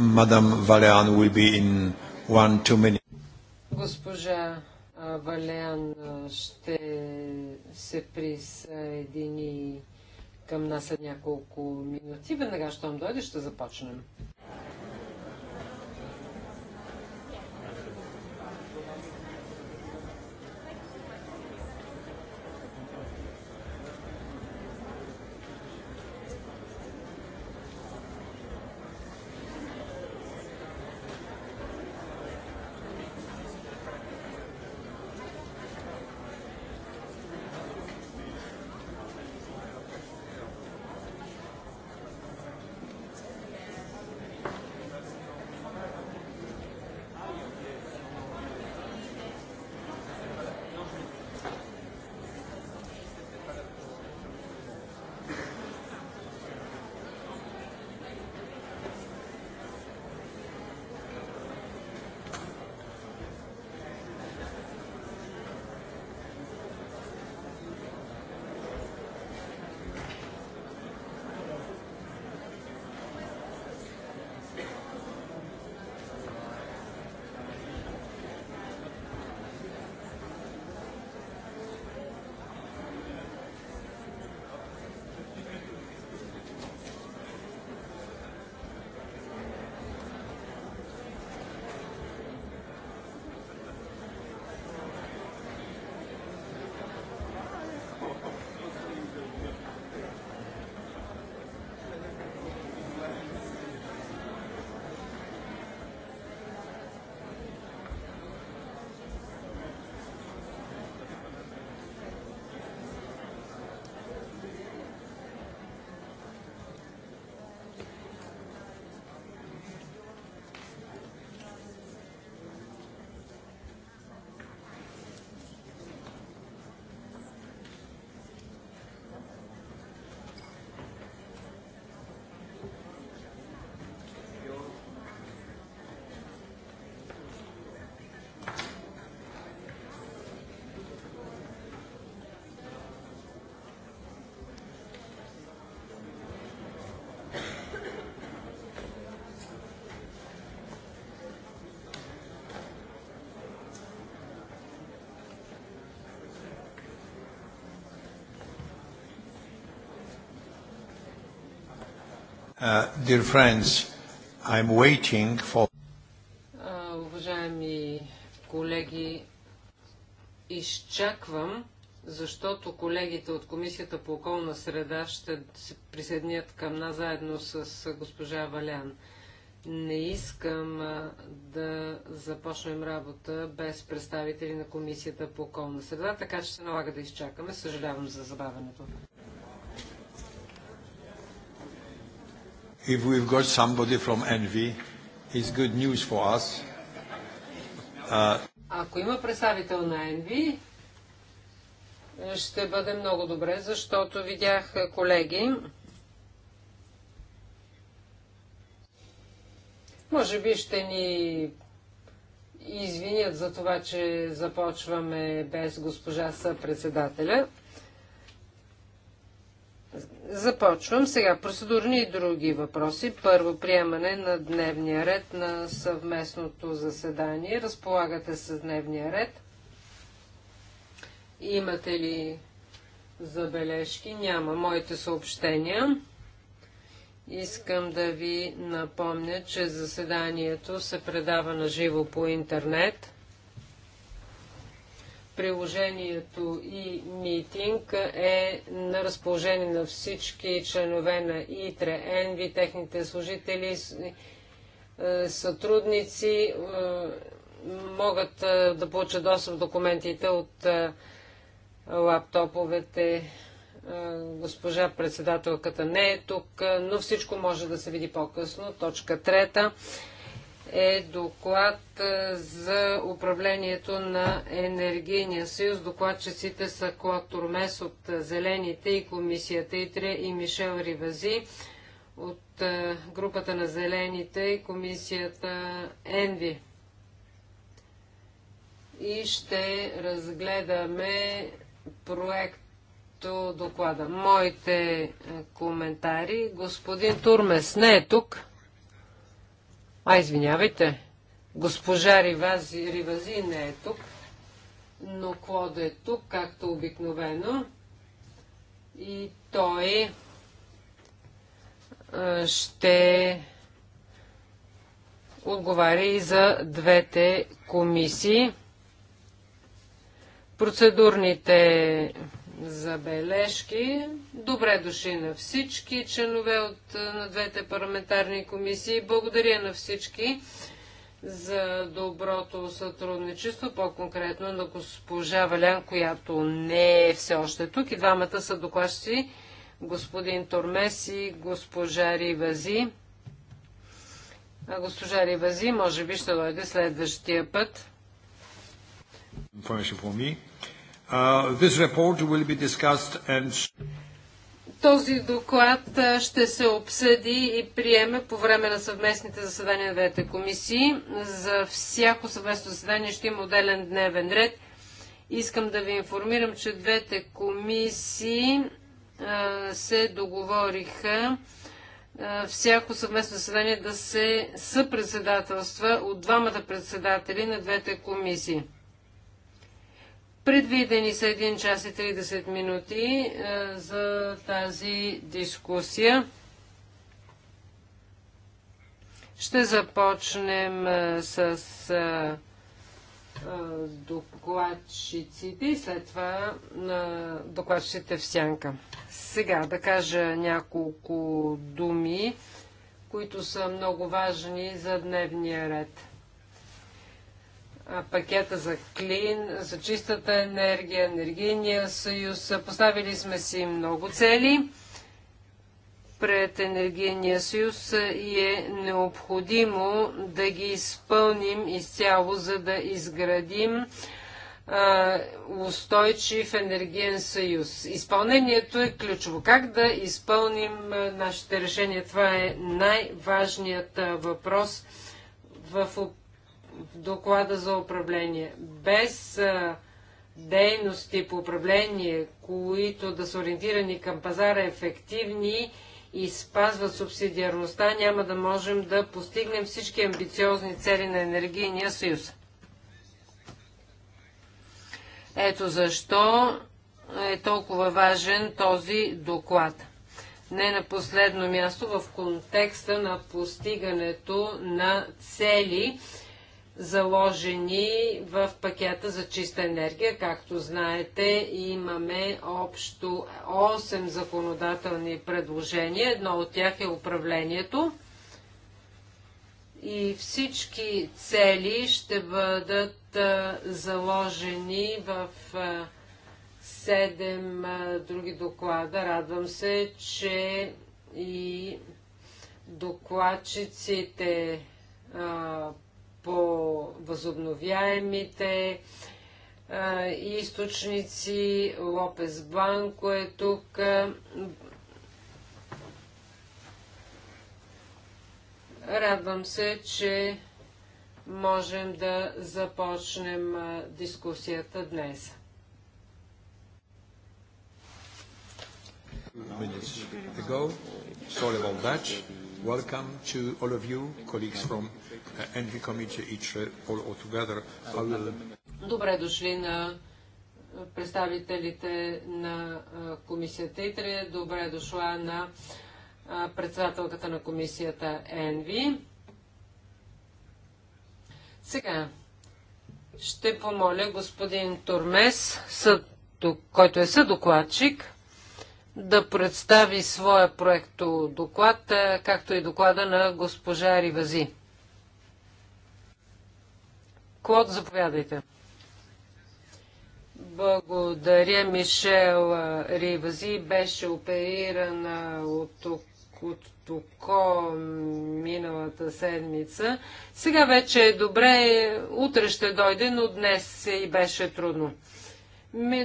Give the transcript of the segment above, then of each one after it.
Мадам Валеан will be in one, two minutes. Госпожа Валеан ще се присъедини към нас след няколко минути. Веднага, щом дойде, ще започнем. Uh, dear friends, I'm waiting for... уважаеми колеги, изчаквам, защото колегите от Комисията по околна среда ще се присъединят към нас заедно с госпожа Валян. Не искам да започнем работа без представители на Комисията по околна среда, така че се налага да изчакаме. Съжалявам за забавянето. If we've got somebody from Envy, it's good news for us. Uh, Ако има представител на Envy, ще бъде много добре, защото видях колеги. Може би ще ни извинят за това, че започваме без госпожа съпредседателя. Започвам сега. Процедурни и други въпроси. Първо, приемане на дневния ред на съвместното заседание. Разполагате с дневния ред. Имате ли забележки? Няма. Моите съобщения. Искам да ви напомня, че заседанието се предава на живо по интернет приложението и митинг е на разположение на всички членове на ИТРЕ, ЕНВИ, техните служители, е, сътрудници е, могат е, да получат достъп документите от лаптоповете. Госпожа председателката не е тук, но всичко може да се види по-късно. Точка трета е доклад е, за управлението на Енергийния съюз. Докладчиците са Клод Турмес от Зелените и Комисията ИТРЕ и Мишел Ривази от е, групата на Зелените и Комисията ЕНВИ. И ще разгледаме проекто доклада. Моите е, коментари. Господин Турмес не е тук. А, извинявайте, госпожа Ривази, Ривази не е тук, но Клод е тук, както обикновено. И той ще отговаря и за двете комисии. Процедурните забележки. Добре дошли на всички членове от, на двете парламентарни комисии. Благодаря на всички за доброто сътрудничество, по-конкретно на госпожа Валян, която не е все още тук. И двамата са докладчици, господин Тормес и госпожа Ривази. А госпожа Ривази, може би ще дойде следващия път. Information for me. Uh, and... Този доклад ще се обсъди и приеме по време на съвместните заседания на двете комисии. За всяко съвместно заседание ще има отделен дневен ред. Искам да ви информирам, че двете комисии а, се договориха а, всяко съвместно заседание да се съпредседателства от двамата председатели на двете комисии. Предвидени са 1 час и 30 минути е, за тази дискусия. Ще започнем е, с е, е, докладчиците и след това на докладчиците в сянка. Сега да кажа няколко думи, които са много важни за дневния ред пакета за клин, за чистата енергия, енергийния съюз. Поставили сме си много цели пред енергийния съюз и е необходимо да ги изпълним изцяло, за да изградим а, устойчив енергиен съюз. Изпълнението е ключово. Как да изпълним нашите решения? Това е най-важният въпрос в доклада за управление. Без а, дейности по управление, които да са ориентирани към пазара ефективни и спазват субсидиарността, няма да можем да постигнем всички амбициозни цели на енергийния съюз. Ето защо е толкова важен този доклад. Не на последно място в контекста на постигането на цели, заложени в пакета за чиста енергия. Както знаете, имаме общо 8 законодателни предложения. Едно от тях е управлението. И всички цели ще бъдат заложени в 7 други доклада. Радвам се, че и докладчиците по възобновяемите а, източници. Лопес Бланко е тук. Радвам се, че можем да започнем дискусията днес. minutes ago. Sorry about that. Welcome to all of you, colleagues from Добре дошли на представителите на комисията ИТРЕ. Добре дошла на председателката на комисията ЕНВИ. Сега ще помоля господин Турмес, който е съдокладчик, да представи своя проекто доклад, както и доклада на госпожа Ривази. Клод, заповядайте. Благодаря, Мишел Ривази. Беше оперирана от, от око миналата седмица. Сега вече е добре, утре ще дойде, но днес и беше трудно.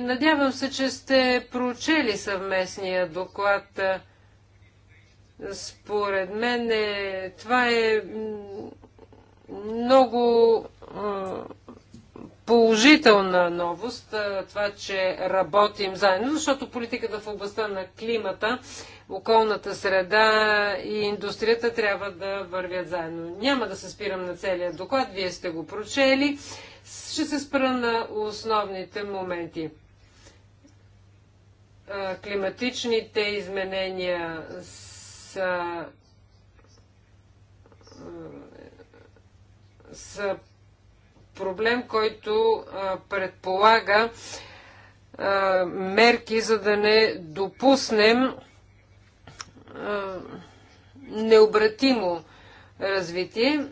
Надявам се, че сте прочели съвместния доклад. Според мен е, това е много положителна новост, това, че работим заедно, защото политиката в областта на климата, околната среда и индустрията трябва да вървят заедно. Няма да се спирам на целия доклад, вие сте го прочели. Ще се спра на основните моменти. Климатичните изменения са са проблем, който а, предполага а, мерки, за да не допуснем а, необратимо развитие.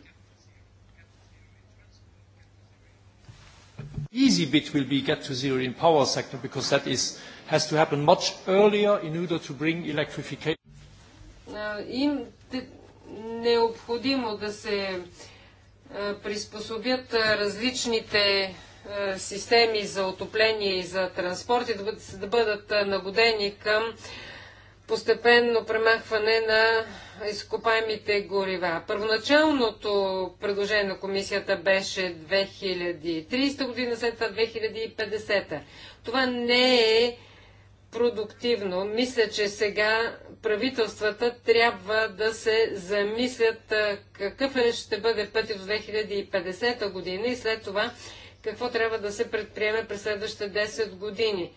easy bit will be get to zero in power sector because that is has to happen much earlier in order to bring electrification. Uh, Им необходимо да се uh, приспособят различните системи за отопление и за транспорт и да бъдат, нагодени към постепенно премахване на изкопаемите горива. Първоначалното предложение на комисията беше 2030 година, след това 2050. Това не е продуктивно. Мисля, че сега правителствата трябва да се замислят какъв е ще бъде път до 2050 година и след това какво трябва да се предприеме през следващите 10 години.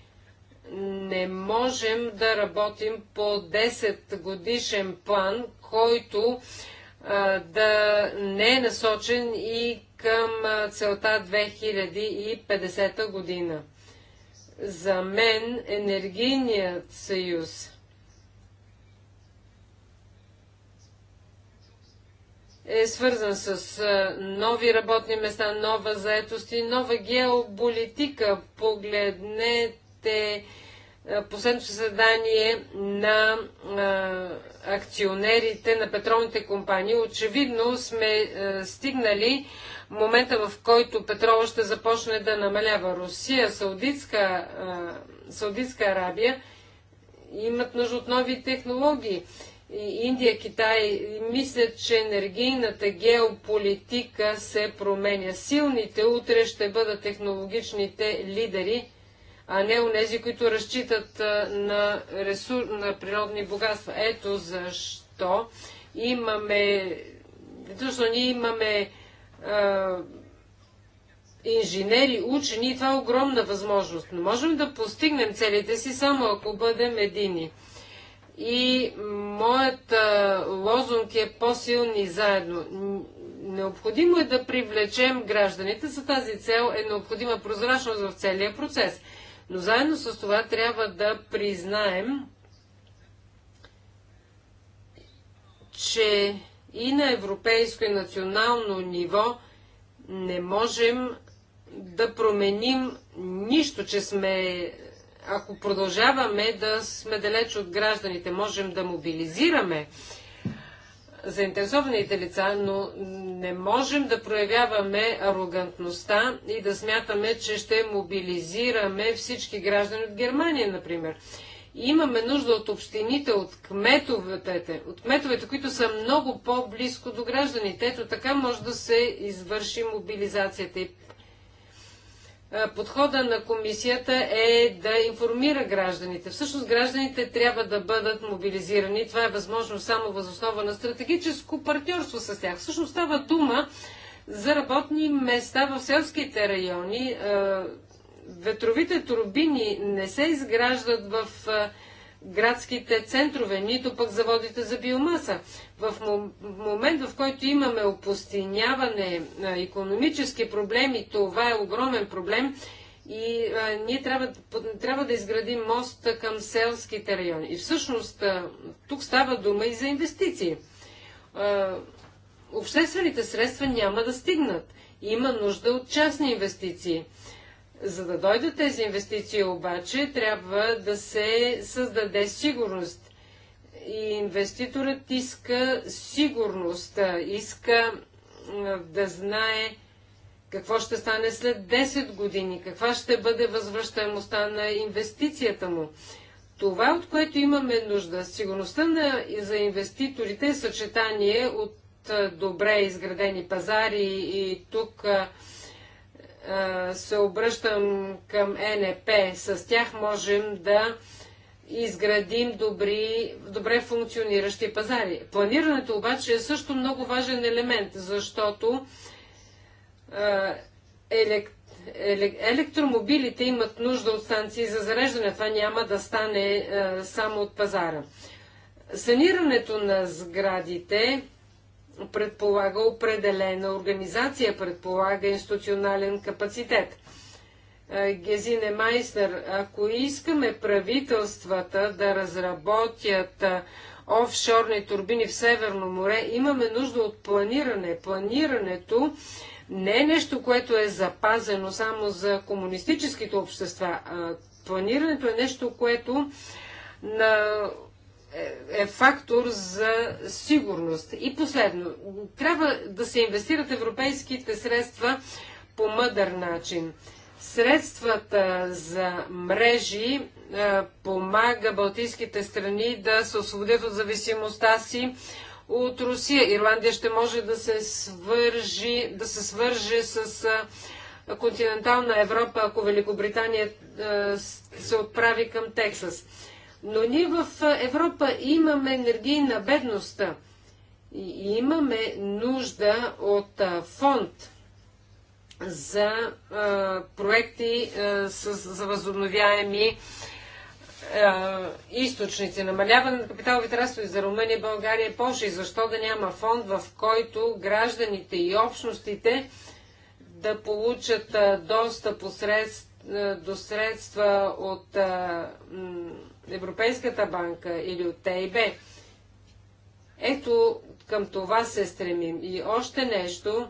Не можем да работим по 10 годишен план, който а, да не е насочен и към целта 2050 година. За мен енергийният съюз е свързан с нови работни места, нова заетост и нова геополитика. Погледнете е, последното заседание на е, акционерите на петролните компании. Очевидно сме е, стигнали момента, в който петрола ще започне да намалява. Русия, Саудитска, Саудитска Арабия имат нужда от нови технологии. Индия, Китай, мислят, че енергийната геополитика се променя. Силните утре ще бъдат технологичните лидери а не у нези, които разчитат на, ресур... на природни богатства. Ето защо имаме, точно ние имаме а, инженери, учени и това е огромна възможност. Но можем да постигнем целите си само ако бъдем едини. И моят лозунг е по-силни заедно. Необходимо е да привлечем гражданите. За тази цел е необходима прозрачност в целия процес. Но заедно с това трябва да признаем, че и на европейско и национално ниво не можем да променим нищо, че сме, ако продължаваме да сме далеч от гражданите, можем да мобилизираме заинтересованите лица, но не можем да проявяваме арогантността и да смятаме, че ще мобилизираме всички граждани от Германия, например. Имаме нужда от общините, от кметовете, от кметовете, които са много по-близко до гражданите. Ето така може да се извърши мобилизацията. И подхода на комисията е да информира гражданите. Всъщност гражданите трябва да бъдат мобилизирани. Това е възможно само възоснова на стратегическо партньорство с тях. Всъщност става дума за работни места в селските райони. Ветровите турбини не се изграждат в градските центрове, нито пък заводите за биомаса. В момент, в който имаме опустиняване, економически проблеми, това е огромен проблем и а, ние трябва, трябва да изградим мост към селските райони. И всъщност а, тук става дума и за инвестиции. А, обществените средства няма да стигнат. Има нужда от частни инвестиции. За да дойдат тези инвестиции обаче, трябва да се създаде сигурност. И инвеститорът иска сигурност, иска да знае какво ще стане след 10 години, каква ще бъде възвръщаемостта на инвестицията му. Това, от което имаме нужда, сигурността на, за инвеститорите е съчетание от е, добре изградени пазари и тук е, се обръщам към НП. С тях можем да изградим добри, добре функциониращи пазари. Планирането обаче е също много важен елемент, защото елект, електромобилите имат нужда от станции за зареждане. Това няма да стане е, само от пазара. Санирането на сградите предполага определена организация, предполага институционален капацитет. Е, Гезине Майснер, ако искаме правителствата да разработят е, офшорни турбини в Северно море, имаме нужда от планиране. Планирането не е нещо, което е запазено само за комунистическите общества. Планирането е нещо, което на е, е фактор за сигурност. И последно, трябва да се инвестират европейските средства по мъдър начин. Средствата за мрежи е, помага балтийските страни да се освободят от зависимостта си от Русия. Ирландия ще може да се, свържи, да се свърже с е, континентална Европа, ако Великобритания се отправи към Тексас но ние в Европа имаме енергийна бедност и имаме нужда от фонд за проекти с, за възобновяеми източници. Намаляване на капиталовите разходи за Румъния, България и Польша. И защо да няма фонд, в който гражданите и общностите да получат доста посредств, до средства от Европейската банка или от ТИБ. Ето към това се стремим. И още нещо.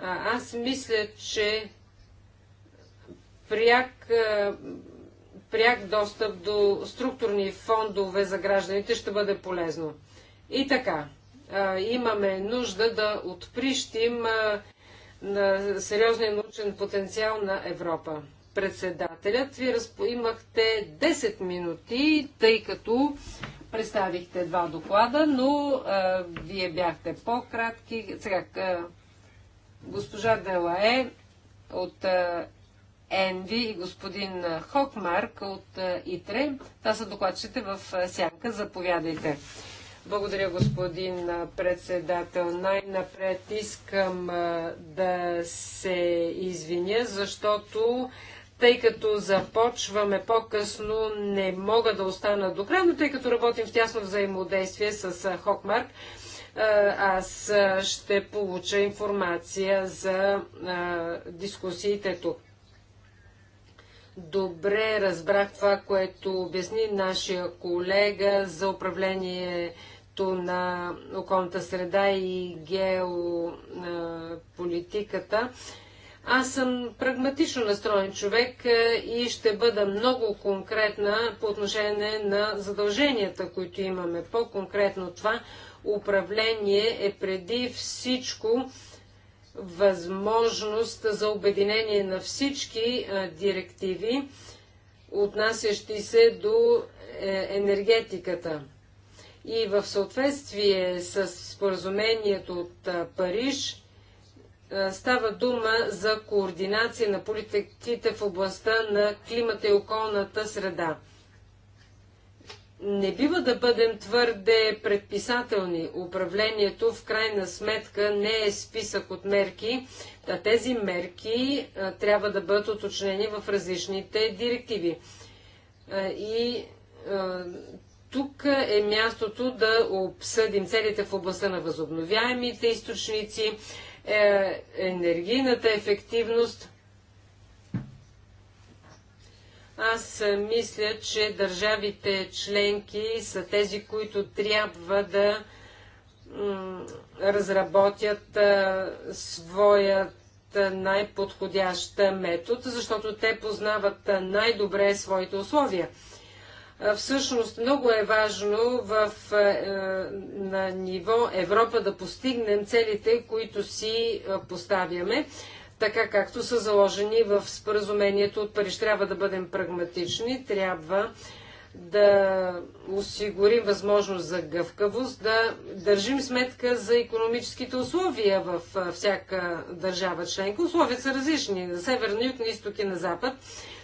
А, аз мисля, че пряк, пряк достъп до структурни фондове за гражданите ще бъде полезно. И така, а, имаме нужда да отприщим а, на сериозния научен потенциал на Европа председателят. Вие разпо... имахте 10 минути, тъй като представихте два доклада, но а, вие бяхте по-кратки. Сега, а, госпожа Делае от Енви и господин Хокмарк от а, ИТРЕ, това са докладчите в а, Сянка. Заповядайте. Благодаря, господин председател. Най-напред искам а, да се извиня, защото тъй като започваме по-късно, не мога да остана до край, но тъй като работим в тясно взаимодействие с Хокмарк, аз ще получа информация за дискусиите тук. Добре разбрах това, което обясни нашия колега за управлението на околната среда и геополитиката. Аз съм прагматично настроен човек е, и ще бъда много конкретна по отношение на задълженията, които имаме. По-конкретно това управление е преди всичко възможност за обединение на всички е, директиви, отнасящи се до е, енергетиката. И в съответствие с споразумението от Париж, е, става дума за координация на политиките в областта на климата и околната среда. Не бива да бъдем твърде предписателни. Управлението в крайна сметка не е списък от мерки, а тези мерки а, е, трябва да бъдат уточнени в различните директиви. А, е, и а, тук е мястото да обсъдим целите в областта на възобновяемите източници, е, енергийната ефективност. Аз мисля, че държавите членки са тези, които трябва да разработят своят най-подходящ метод, защото те познават най-добре своите условия. Всъщност много е важно в, е, на ниво Европа да постигнем целите, които си поставяме, така както са заложени в споразумението от Париж. Трябва да бъдем прагматични, трябва да осигурим възможност за гъвкавост, да държим сметка за економическите условия в всяка държава членка. Условията са различни на север, на юг, на изток и на запад.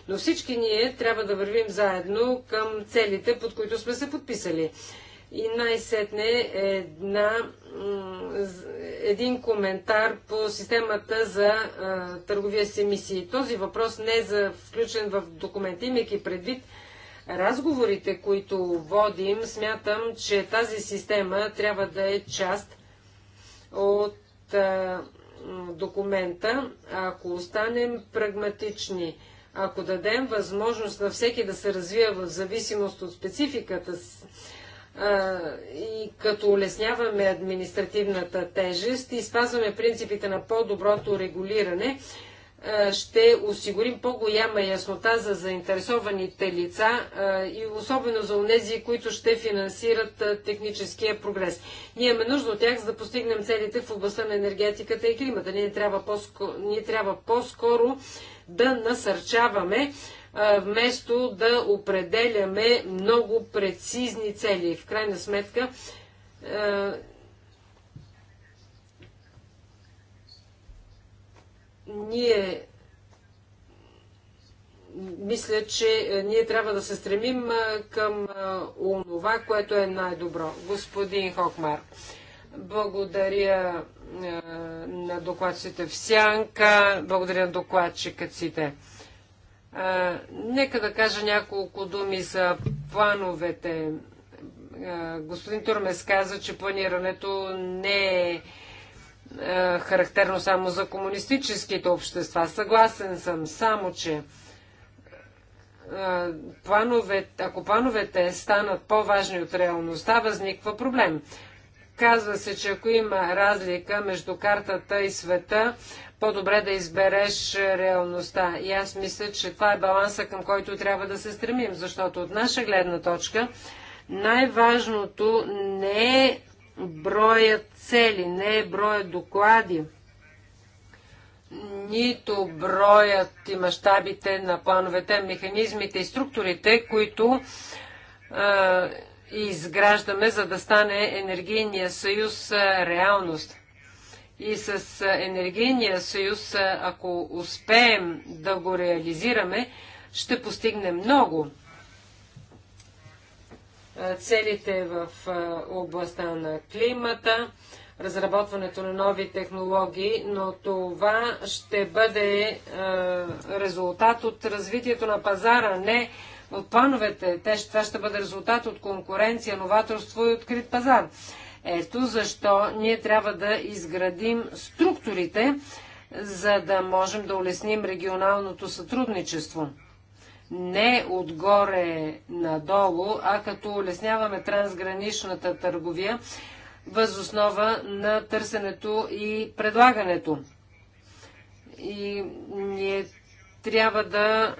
Но всички ние трябва да вървим заедно към целите, под които сме се подписали. И най-сетне една, един коментар по системата за а, търговия с емисии. Този въпрос не е за включен в документа, имайки предвид разговорите, които водим, смятам, че тази система трябва да е част от а, документа. Ако останем прагматични, ако дадем възможност на всеки да се развива в зависимост от спецификата а, и като улесняваме административната тежест и спазваме принципите на по-доброто регулиране, е, ще осигурим по-голяма яснота за заинтересованите лица е, и особено за онези, които ще финансират е, техническия прогрес. Ние имаме нужда от тях, за да постигнем целите в областта на енергетиката и климата. Ние трябва по-скоро, ние трябва по-скоро да насърчаваме, вместо да определяме много прецизни цели. В крайна сметка, ние мисля, че е, ние трябва да се стремим е, към е, онова, което е най-добро. Господин Хокмар, благодаря на докладчите в Сянка, благодаря на докладчикаците. нека да кажа няколко думи за плановете. господин Турмес каза, че планирането не е е, характерно само за комунистическите общества. Съгласен съм, само че е, плановете, ако плановете станат по-важни от реалността, възниква проблем. Казва се, че ако има разлика между картата и света, по-добре да избереш реалността. И аз мисля, че това е баланса, към който трябва да се стремим, защото от наша гледна точка най-важното не е броят цели, не е броя доклади, нито броят и мащабите на плановете, механизмите и структурите, които е, изграждаме, за да стане енергийния съюз реалност. И с енергийния съюз, ако успеем да го реализираме, ще постигне много целите в областта на климата, разработването на нови технологии, но това ще бъде резултат от развитието на пазара, не от плановете. това ще бъде резултат от конкуренция, новаторство и открит пазар. Ето защо ние трябва да изградим структурите, за да можем да улесним регионалното сътрудничество не отгоре надолу, а като улесняваме трансграничната търговия възоснова на търсенето и предлагането. И ние трябва да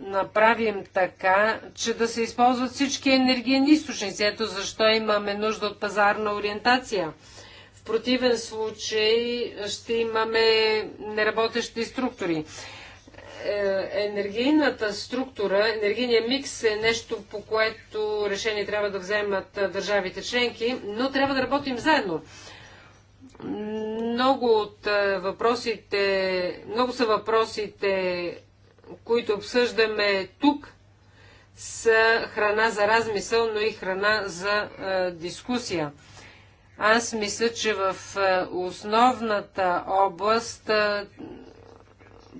направим така, че да се използват всички енергийни източници. Ето защо имаме нужда от пазарна ориентация. В противен случай ще имаме неработещи структури. Е, енергийната структура, енергийният микс е нещо, по което решение трябва да вземат държавите членки, но трябва да работим заедно. Много от въпросите, много са въпросите, които обсъждаме тук, са храна за размисъл, но и храна за е, дискусия. Аз мисля, че в основната област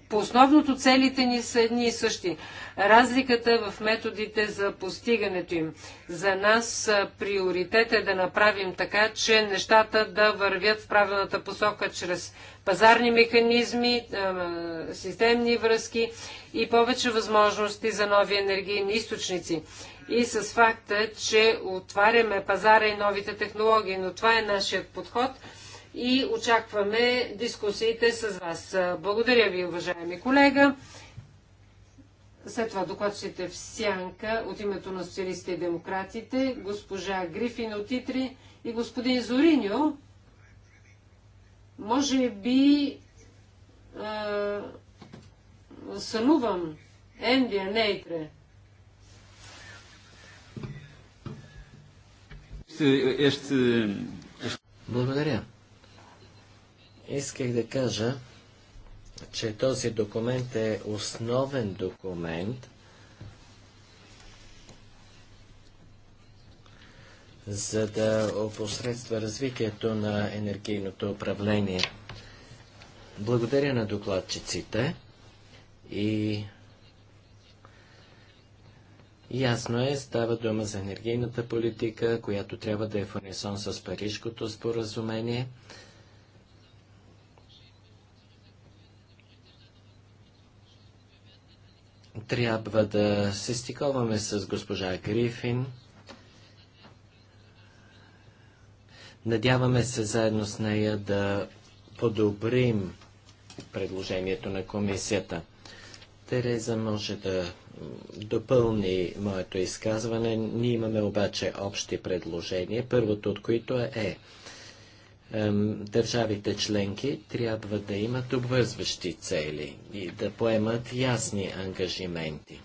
по основното целите ни са едни и същи. Разликата в методите за постигането им. За нас приоритет е да направим така, че нещата да вървят в правилната посока чрез пазарни механизми, системни връзки и повече възможности за нови енергийни източници. И с факта, че отваряме пазара и новите технологии, но това е нашият подход – и очакваме дискусиите с вас. Благодаря ви, уважаеми колега. След това докладчите в Сянка от името на социалистите и демократите, госпожа Грифин от Итри и господин Зориньо. Може би а, сънувам Ендия Нейтре. Благодаря. Исках да кажа, че този документ е основен документ за да опосредства развитието на енергийното управление. Благодаря на докладчиците и Ясно е, става дума за енергийната политика, която трябва да е в унисон с Парижкото споразумение – трябва да се стиковаме с госпожа Грифин. Надяваме се заедно с нея да подобрим предложението на комисията. Тереза може да допълни моето изказване. Ние имаме обаче общи предложения, първото от които е държавите членки трябва да имат обвързващи цели и да поемат ясни ангажименти.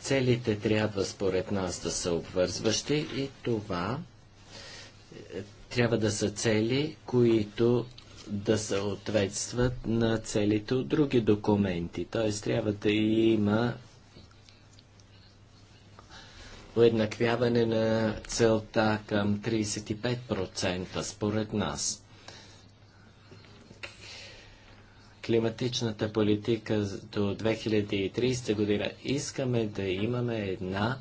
Целите трябва според нас да са обвързващи и това е, трябва да са цели, които да съответстват на целите от други документи. Т.е. трябва да има уеднаквяване на целта към 35% според нас. Климатичната политика до 2030 година искаме да имаме една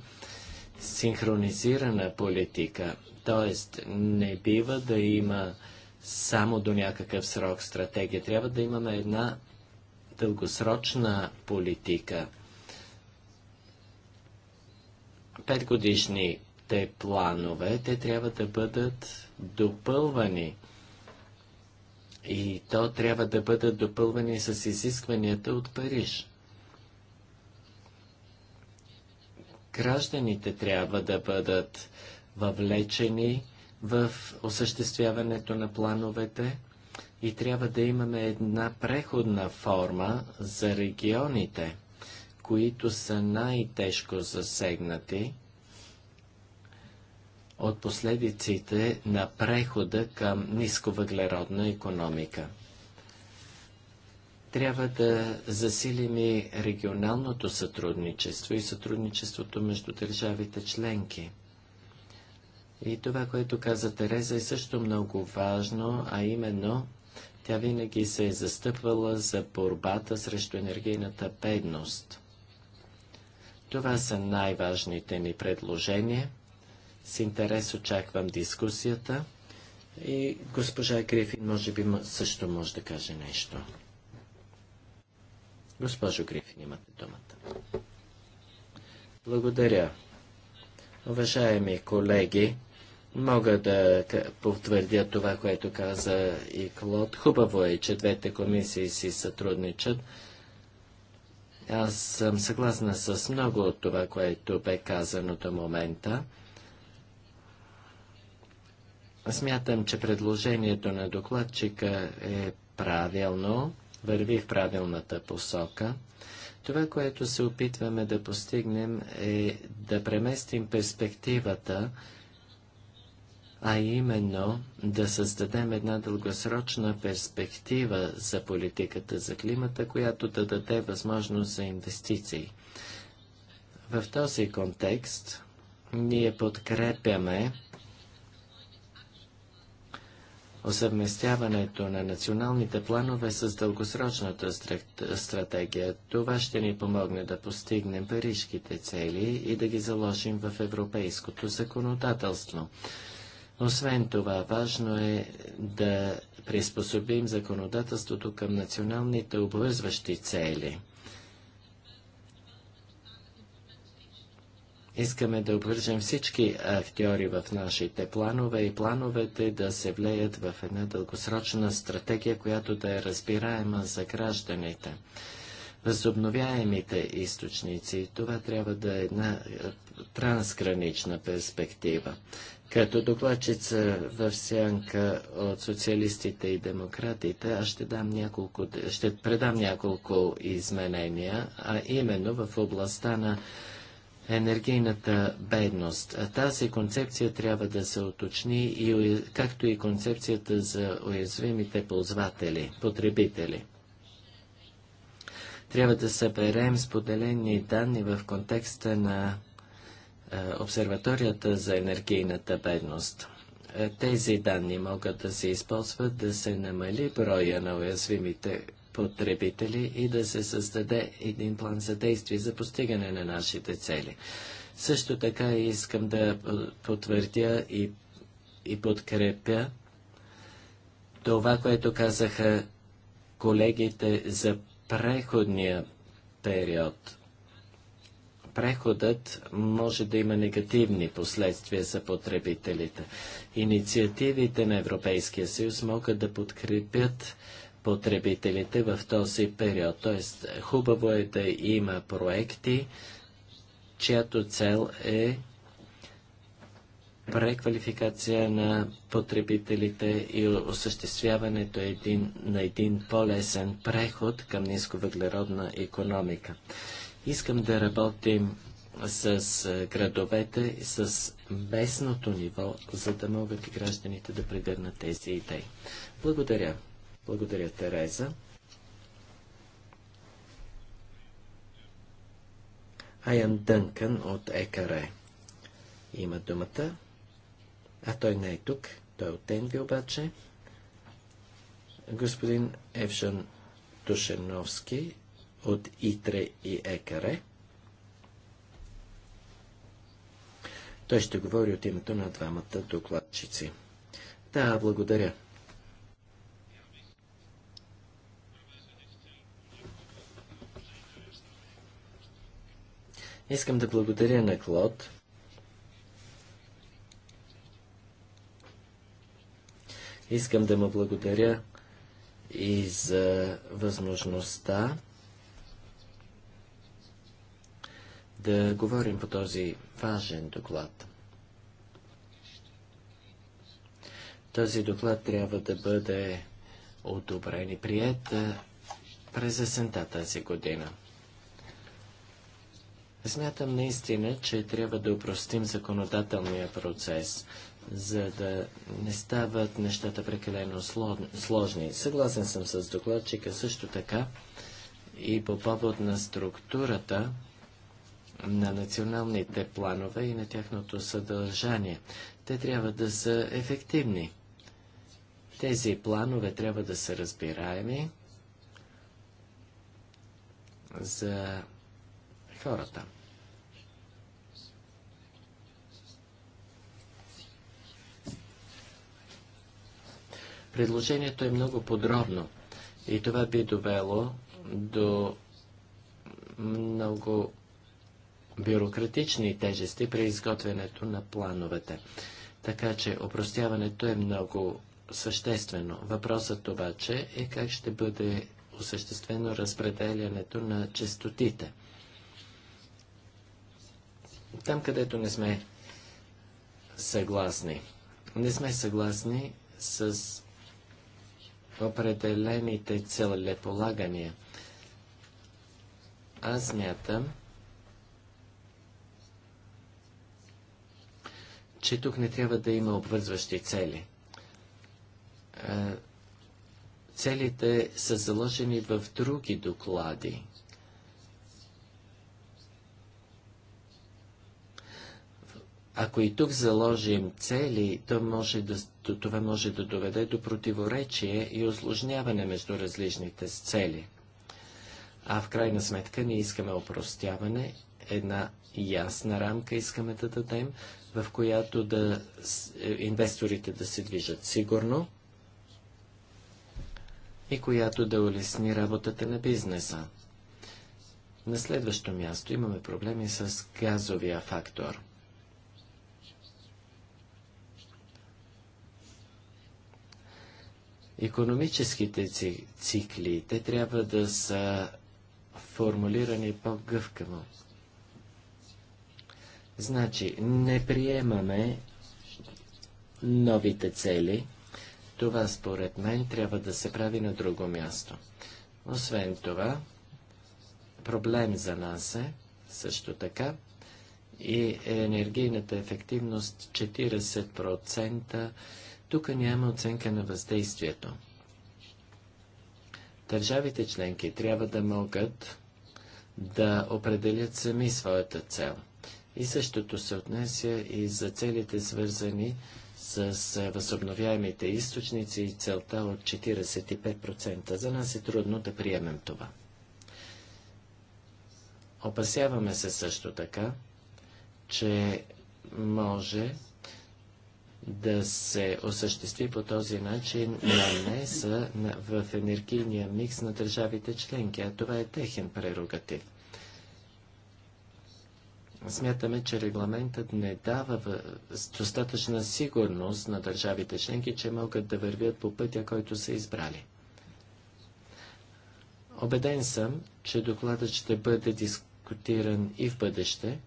синхронизирана политика. Тоест, не бива да има само до някакъв срок стратегия. Трябва да имаме една дългосрочна политика. петгодишните планове, те трябва да бъдат допълвани. И то трябва да бъдат допълвани с изискванията от Париж. Гражданите трябва да бъдат въвлечени в осъществяването на плановете и трябва да имаме една преходна форма за регионите – които са най-тежко засегнати от последиците на прехода към нисковъглеродна економика. Трябва да засилим и регионалното сътрудничество и сътрудничеството между държавите членки. И това, което каза Тереза, е също много важно, а именно тя винаги се е застъпвала за борбата срещу енергийната бедност – това са най-важните ми предложения. С интерес очаквам дискусията и госпожа Грифин може би също може да каже нещо. Госпожо Грифин, имате думата. Благодаря. Уважаеми колеги, мога да потвърдя това, което каза и Клод. Хубаво е, че двете комисии си сътрудничат. Аз съм съгласна с много от това, което бе казано до момента. Смятам, че предложението на докладчика е правилно, върви в правилната посока. Това, което се опитваме да постигнем е да преместим перспективата а именно да създадем една дългосрочна перспектива за политиката за климата, която да даде възможност за инвестиции. В този контекст ние подкрепяме Осъвместяването на националните планове с дългосрочната стратегия, това ще ни помогне да постигнем парижките цели и да ги заложим в европейското законодателство. Освен това, важно е да приспособим законодателството към националните обвързващи цели. Искаме да обвържем всички актьори в нашите планове и плановете да се влеят в една дългосрочна стратегия, която да е разбираема за гражданите. Възобновяемите източници, това трябва да е една е, трансгранична перспектива. Като докладчица в сянка от социалистите и демократите, аз ще, дам няколко, ще предам няколко изменения, а именно в областта на енергийната бедност. Тази концепция трябва да се уточни, и, както и концепцията за уязвимите ползватели, потребители. Трябва да съберем споделени данни в контекста на е, обсерваторията за енергийната бедност. Е, тези данни могат да се използват да се намали броя на уязвимите потребители и да се създаде един план за действие за постигане на нашите цели. Също така искам да потвърдя и, и подкрепя това, което казаха колегите за преходния период преходът може да има негативни последствия за потребителите. Инициативите на Европейския съюз могат да подкрепят потребителите в този период. Тоест, хубаво е да има проекти, чиято цел е преквалификация на потребителите и осъществяването един, на един по-лесен преход към нисковъглеродна економика. Искам да работим с градовете, с местното ниво, за да могат и гражданите да прегърнат тези идеи. Благодаря. Благодаря, Тереза. Аян Дънкън от ЕКР има думата, а той не е тук, той е от Енви обаче. Господин Евжан Тушеновски от ИТРЕ и ЕКАРЕ. Той ще говори от името на двамата докладчици. Да, благодаря. Искам да благодаря на Клод. Искам да му благодаря и за възможността да говорим по този важен доклад. Този доклад трябва да бъде одобрен и прият през есента тази година. Смятам наистина, че трябва да упростим законодателния процес, за да не стават нещата прекалено сложни. Съгласен съм с докладчика също така и по повод на структурата на националните планове и на тяхното съдържание. Те трябва да са ефективни. Тези планове трябва да са разбираеми за хората. Предложението е много подробно и това би довело до много бюрократични тежести при изготвянето на плановете. Така че опростяването е много съществено. Въпросът обаче е как ще бъде осъществено разпределянето на частотите. Там, където не сме съгласни. Не сме съгласни с определените целеполагания. Аз мятам, че тук не трябва да има обвързващи цели. Е, целите са заложени в други доклади. Ако и тук заложим цели, то може да, това може да доведе до противоречие и осложняване между различните цели. А в крайна сметка ние искаме опростяване, една ясна рамка искаме да дадем, в която да е, инвесторите да се движат сигурно и която да улесни работата на бизнеса. На следващо място имаме проблеми с газовия фактор. Економическите цикли, те трябва да са формулирани по-гъвкаво. Значи, не приемаме новите цели. Това според мен трябва да се прави на друго място. Освен това, проблем за нас е също така и енергийната ефективност 40%. Тук няма оценка на въздействието. Държавите членки трябва да могат да определят сами своята цел – и същото се отнася и за целите свързани с възобновяемите източници и целта от 45%. За нас е трудно да приемем това. Опасяваме се също така, че може да се осъществи по този начин намеса в енергийния микс на държавите членки, а това е техен прерогатив. Смятаме, че регламентът не дава достатъчна сигурност на държавите членки, че могат да вървят по пътя, който са избрали. Обеден съм, че докладът ще бъде дискутиран и в бъдеще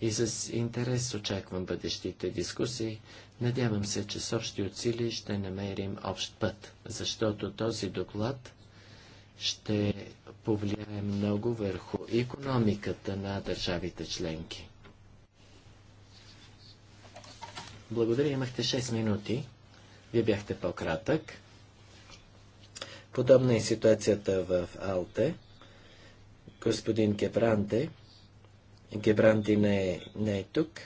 и с интерес очаквам бъдещите дискусии. Надявам се, че с общи усилия ще намерим общ път, защото този доклад ще повлияе много върху економиката на държавите членки. Благодаря, имахте 6 минути. Вие бяхте по-кратък. Подобна е ситуацията в Алте. Господин Гебранте, Гебранти не е, не е тук.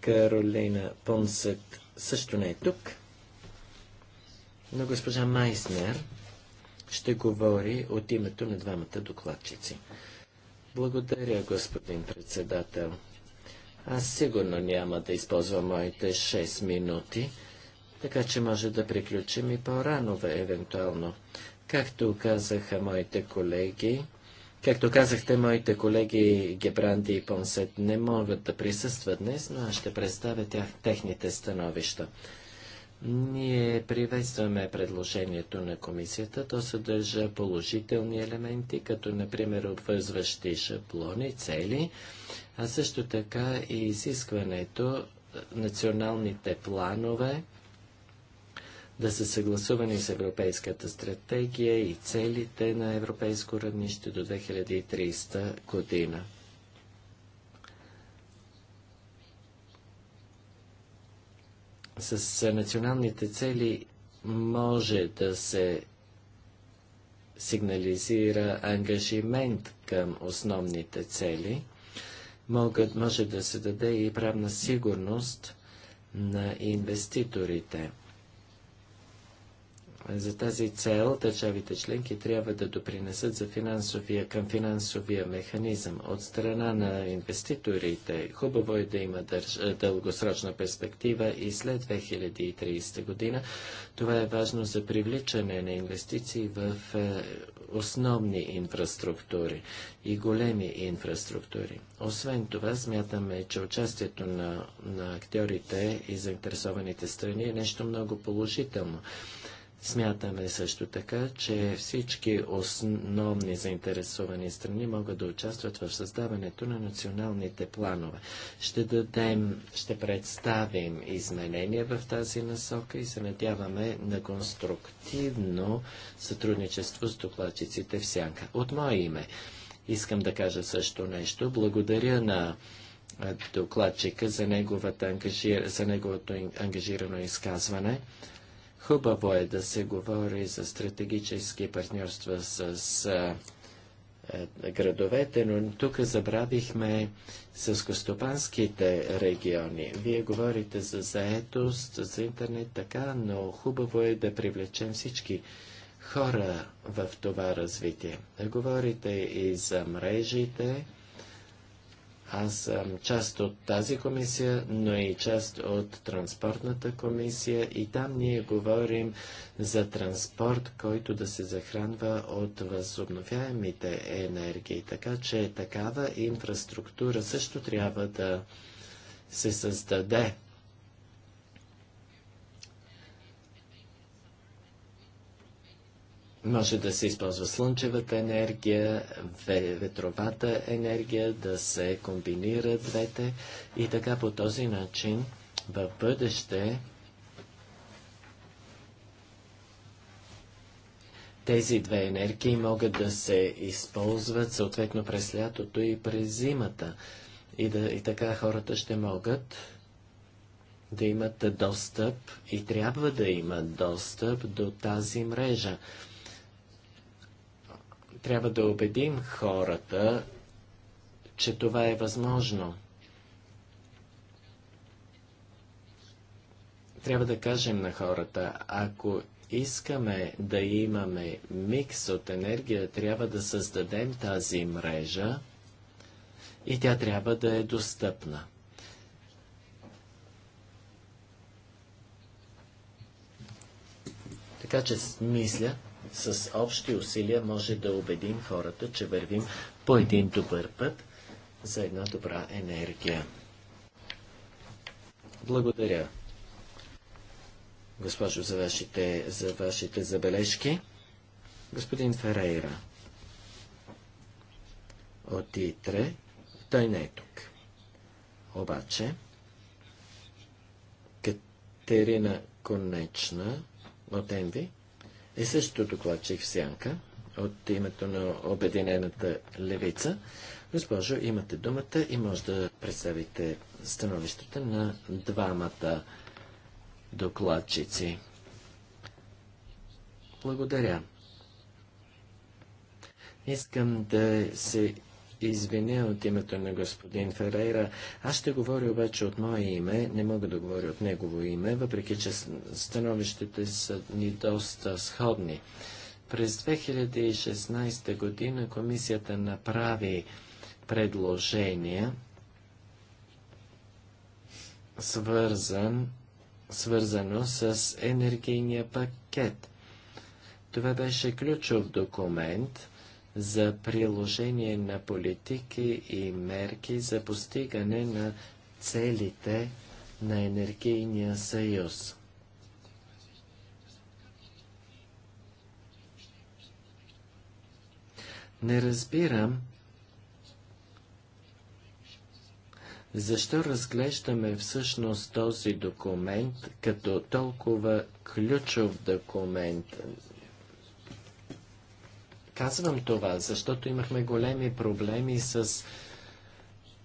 Каролина Понсък също не е тук. Но госпожа Майснер ще говори от името на двамата докладчици. Благодаря, господин председател. Аз сигурно няма да използвам моите 6 минути, така че може да приключим и по-рано, евентуално. Както казаха моите колеги, Както казахте, моите колеги Гебранди и Понсет не могат да присъстват днес, но аз ще представя тях, техните становища. Ние приветстваме предложението на комисията. То съдържа положителни елементи, като например обвързващи шаблони, цели, а също така и изискването националните планове да са съгласувани с Европейската стратегия и целите на европейско равнище до 2030 година. с националните цели може да се сигнализира ангажимент към основните цели, могат, може да се даде и правна сигурност на инвеститорите. За тази цел държавите членки трябва да допринесат за финансовия, към финансовия механизъм. От страна на инвеститорите хубаво е да има държ... Е, дългосрочна перспектива и след 2030 година. Това е важно за привличане на инвестиции в е, основни инфраструктури и големи инфраструктури. Освен това, смятаме, че участието на, на актьорите и заинтересованите страни е нещо много положително. Смятаме също така, че всички основни заинтересовани страни могат да участват в създаването на националните планове. Ще дадем, ще представим изменения в тази насока и се надяваме на конструктивно сътрудничество с докладчиците в Сянка. От мое име искам да кажа също нещо. Благодаря на докладчика за, неговата, за неговото ангажирано изказване. Хубаво е да се говори за стратегически партньорства с, с е, градовете, но тук забравихме сълскостопанските региони. Вие говорите за заетост, за интернет, така, но хубаво е да привлечем всички хора в това развитие. Говорите и за мрежите, аз съм част от тази комисия, но и част от транспортната комисия и там ние говорим за транспорт, който да се захранва от възобновяемите енергии. Така че такава инфраструктура също трябва да се създаде Може да се използва слънчевата енергия, ветровата енергия, да се комбинират двете и така по този начин в бъдеще тези две енергии могат да се използват съответно през лятото и през зимата. И, да, и така хората ще могат да имат достъп и трябва да имат достъп до тази мрежа трябва да убедим хората, че това е възможно. Трябва да кажем на хората, ако искаме да имаме микс от енергия, трябва да създадем тази мрежа и тя трябва да е достъпна. Така че мисля, с общи усилия може да убедим хората, че вървим по един добър път за една добра енергия. Благодаря, госпожо, за вашите, за вашите забележки. Господин Ферейра от Итре, той не е тук. Обаче, Катерина Конечна от Енви е същото докладчик в Сянка от името на Обединената левица. Госпожо, имате думата и може да представите становищата на двамата докладчици. Благодаря. Искам да се извиня от името на господин Ферейра. Аз ще говоря обаче от мое име, не мога да говоря от негово име, въпреки че становищите са ни доста сходни. През 2016 година комисията направи предложения, свързан, свързано с енергийния пакет. Това беше ключов документ – за приложение на политики и мерки за постигане на целите на енергийния съюз. Не разбирам защо разглеждаме всъщност този документ като толкова ключов документ Казвам това, защото имахме големи проблеми с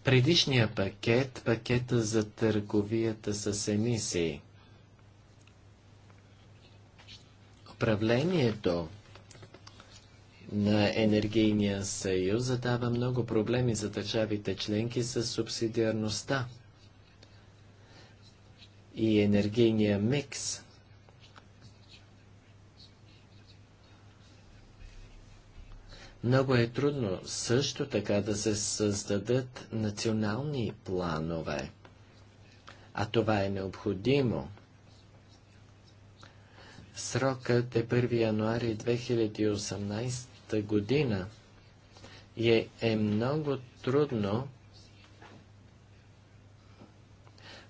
предишния пакет, пакета за търговията с емисии. Управлението на енергийния съюз задава много проблеми за държавите членки с субсидиарността и енергийния микс – Много е трудно също така да се създадат национални планове. А това е необходимо. Срокът е 1 януари 2018 година и е, е много трудно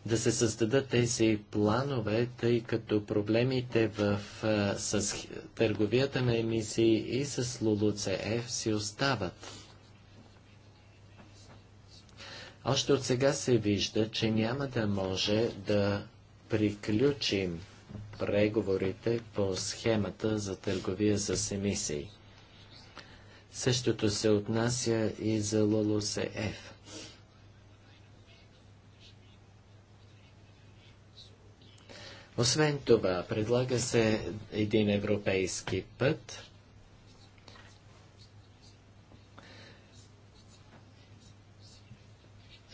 да се създадат тези планове, тъй като проблемите в, а, с търговията на емисии и с ЛУЛУЦЕФ си остават. Още от сега се вижда, че няма да може да приключим преговорите по схемата за търговия с емисии. Същото се отнася и за ЛОЛОСЕФ. Освен това, предлага се един европейски път,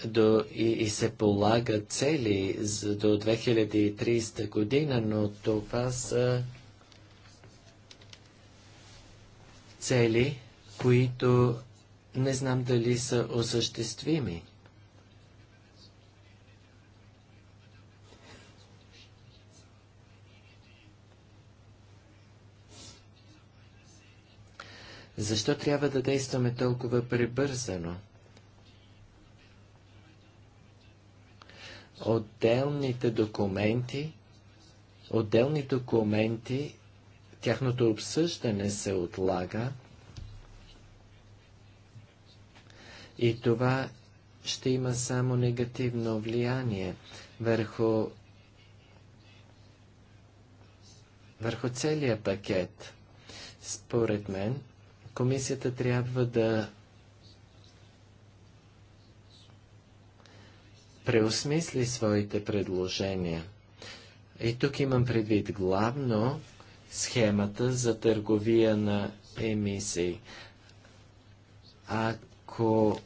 до, и, и се полагат цели за, до 2030 година, но това са цели, които не знам дали са осъществими. Защо трябва да действаме толкова прибързано? Отделните документи, отделни документи, тяхното обсъждане се отлага и това ще има само негативно влияние върху, върху целия пакет. Според мен, Комисията трябва да преосмисли своите предложения. И тук имам предвид главно схемата за търговия на емисии. Ако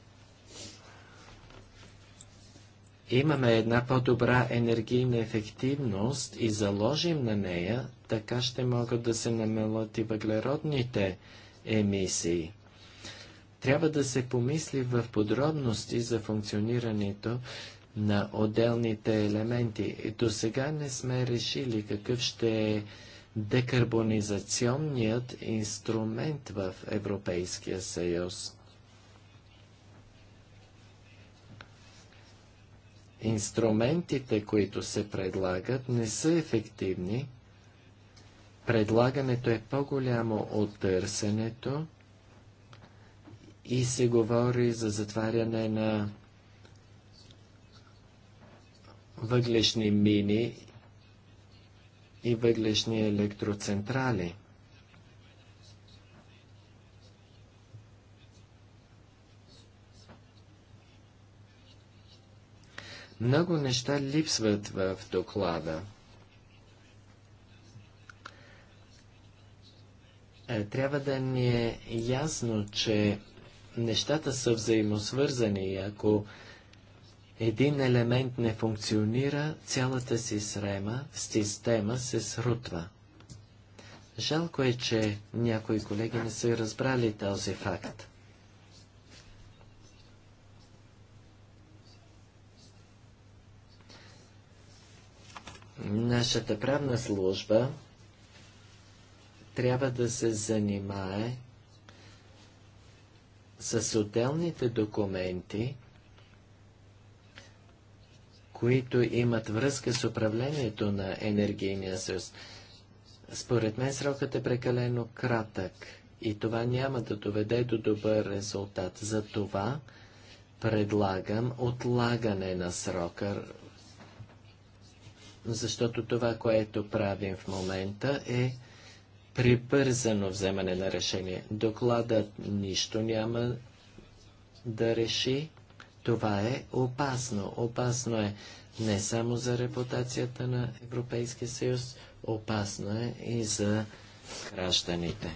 имаме една по-добра енергийна ефективност и заложим на нея, така ще могат да се намалят и въглеродните емисии. Трябва да се помисли в подробности за функционирането на отделните елементи. До сега не сме решили какъв ще е декарбонизационният инструмент в Европейския съюз. Инструментите, които се предлагат, не са ефективни – предлагането е по-голямо от търсенето и се говори за затваряне на въглешни мини и въглешни електроцентрали. Много неща липсват в доклада. Е, трябва да ни е ясно, че нещата са взаимосвързани и ако един елемент не функционира, цялата си срема, система се срутва. Жалко е, че някои колеги не са разбрали този факт. Нашата правна служба трябва да се занимае с отделните документи, които имат връзка с управлението на енергийния съюз. Според мен срокът е прекалено кратък и това няма да доведе до добър резултат. За това предлагам отлагане на срока, защото това, което правим в момента е прибързано вземане на решение. Докладът нищо няма да реши. Това е опасно. Опасно е не само за репутацията на Европейския съюз, опасно е и за гражданите.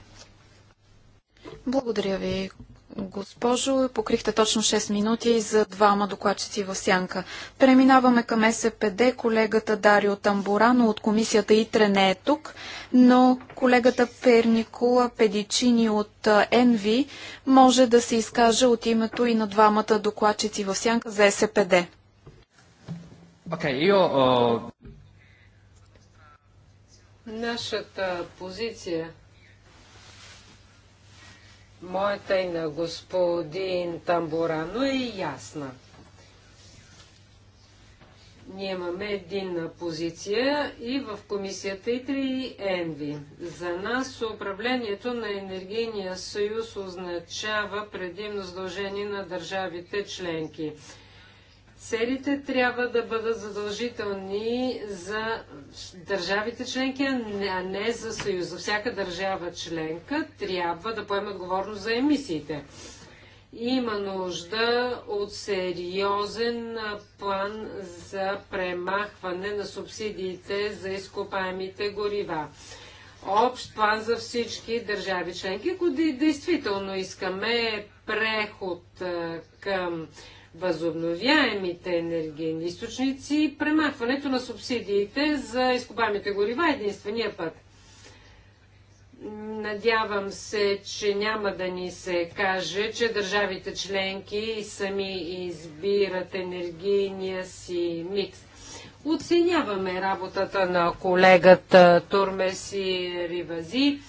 Благодаря ви, Госпожо, покрихте точно 6 минути за двама докладчици в сянка. Преминаваме към СПД. Колегата Дарио Тамбурано от комисията ИТРЕ не е тук, но колегата Перникола Педичини от ЕНВИ може да се изкаже от името и на двамата докладчици в сянка за СПД. Okay, uh... Нашата позиция Моята и на господин Тамбурано е ясна. Ние имаме единна позиция и в комисията и три ЕНВИ. За нас управлението на енергийния съюз означава предимно задължение на държавите членки. Целите трябва да бъдат задължителни за държавите членки, а не за Съюза. Всяка държава членка трябва да поеме отговорност за емисиите. Има нужда от сериозен план за премахване на субсидиите за изкопаемите горива. Общ план за всички държави членки, които действително искаме преход към възобновяемите енергийни източници и премахването на субсидиите за изкопаемите горива е единствения път. Надявам се, че няма да ни се каже, че държавите членки сами избират енергийния си микс. Оценяваме работата на колегата Турмеси Ривази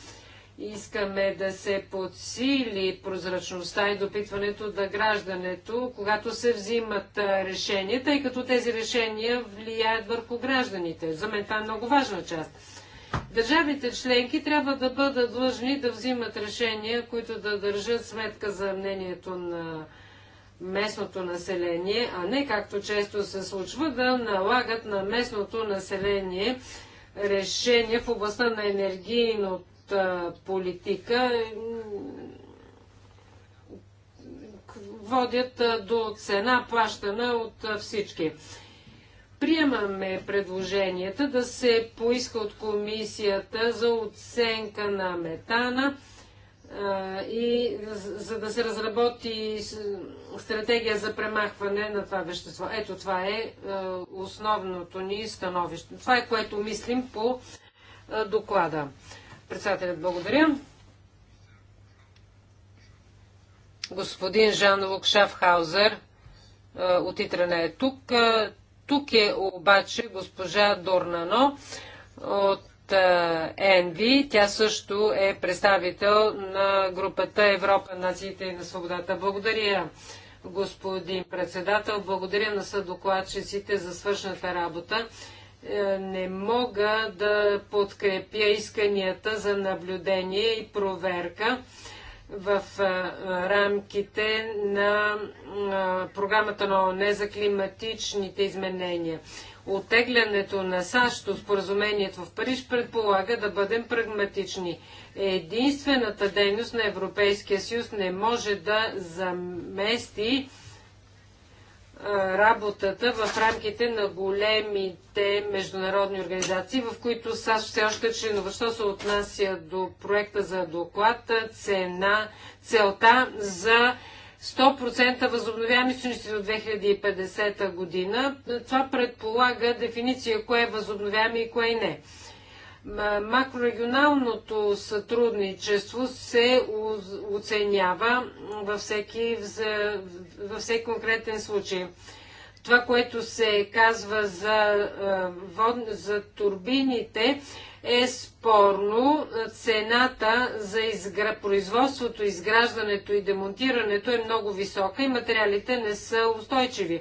Искаме да се подсили прозрачността и допитването на граждането, когато се взимат решения, тъй като тези решения влияят върху гражданите. За мен това е много важна част. Държавите членки трябва да бъдат длъжни да взимат решения, които да държат сметка за мнението на местното население, а не както често се случва да налагат на местното население решения в областта на енергийното политика водят до цена плащана от всички. Приемаме предложенията да се поиска от комисията за оценка на метана а, и за да се разработи стратегия за премахване на това вещество. Ето това е а, основното ни становище. Това е което мислим по доклада. Председателят благодаря. Господин Жан-Лук Шафхаузер от Итра е тук. Тук е обаче госпожа Дорнано от ЕНВИ. Тя също е представител на групата Европа, нациите и на свободата. Благодаря, господин председател. Благодаря на съдокладчиците за свършната работа. Е, не мога да подкрепя исканията за наблюдение и проверка в е, рамките на е, програмата на ОНЕ за климатичните изменения. Оттеглянето на САЩ от споразумението в Париж предполага да бъдем прагматични. Единствената дейност на Европейския съюз не може да замести работата в рамките на големите международни организации, в които САЩ все още членува. Що се отнася до проекта за доклад, цена, целта за 100% възобновяеми източници до 2050 година. Това предполага дефиниция кое е възобновяеми и кое не макрорегионалното сътрудничество се оценява във всеки, във всеки конкретен случай. Това, което се казва за, за турбините, е спорно. Цената за изгра... производството, изграждането и демонтирането е много висока и материалите не са устойчиви.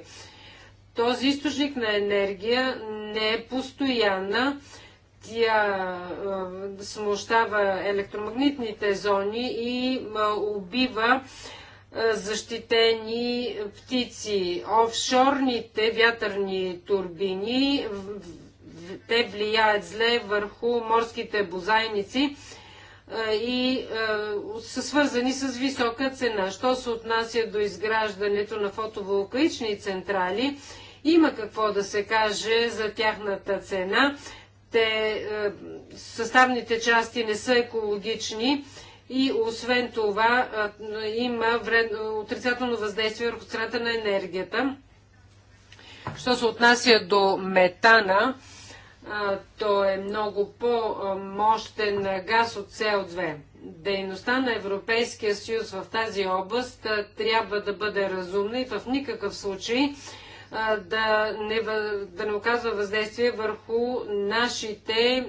Този източник на енергия не е постоянна тя е, смущава електромагнитните зони и е, убива е, защитени птици. Офшорните вятърни турбини, те влияят зле върху морските бозайници и е, са свързани с висока цена. Що се отнася до изграждането на фотоволкаични централи, има какво да се каже за тяхната цена те, е, съставните части не са екологични и освен това е, има вред, отрицателно въздействие върху цената на енергията. Що се отнася до метана, е, то е много по-мощен газ от СО2. Дейността на Европейския съюз в тази област трябва да бъде разумна и в никакъв случай да не, да не оказва въздействие върху нашите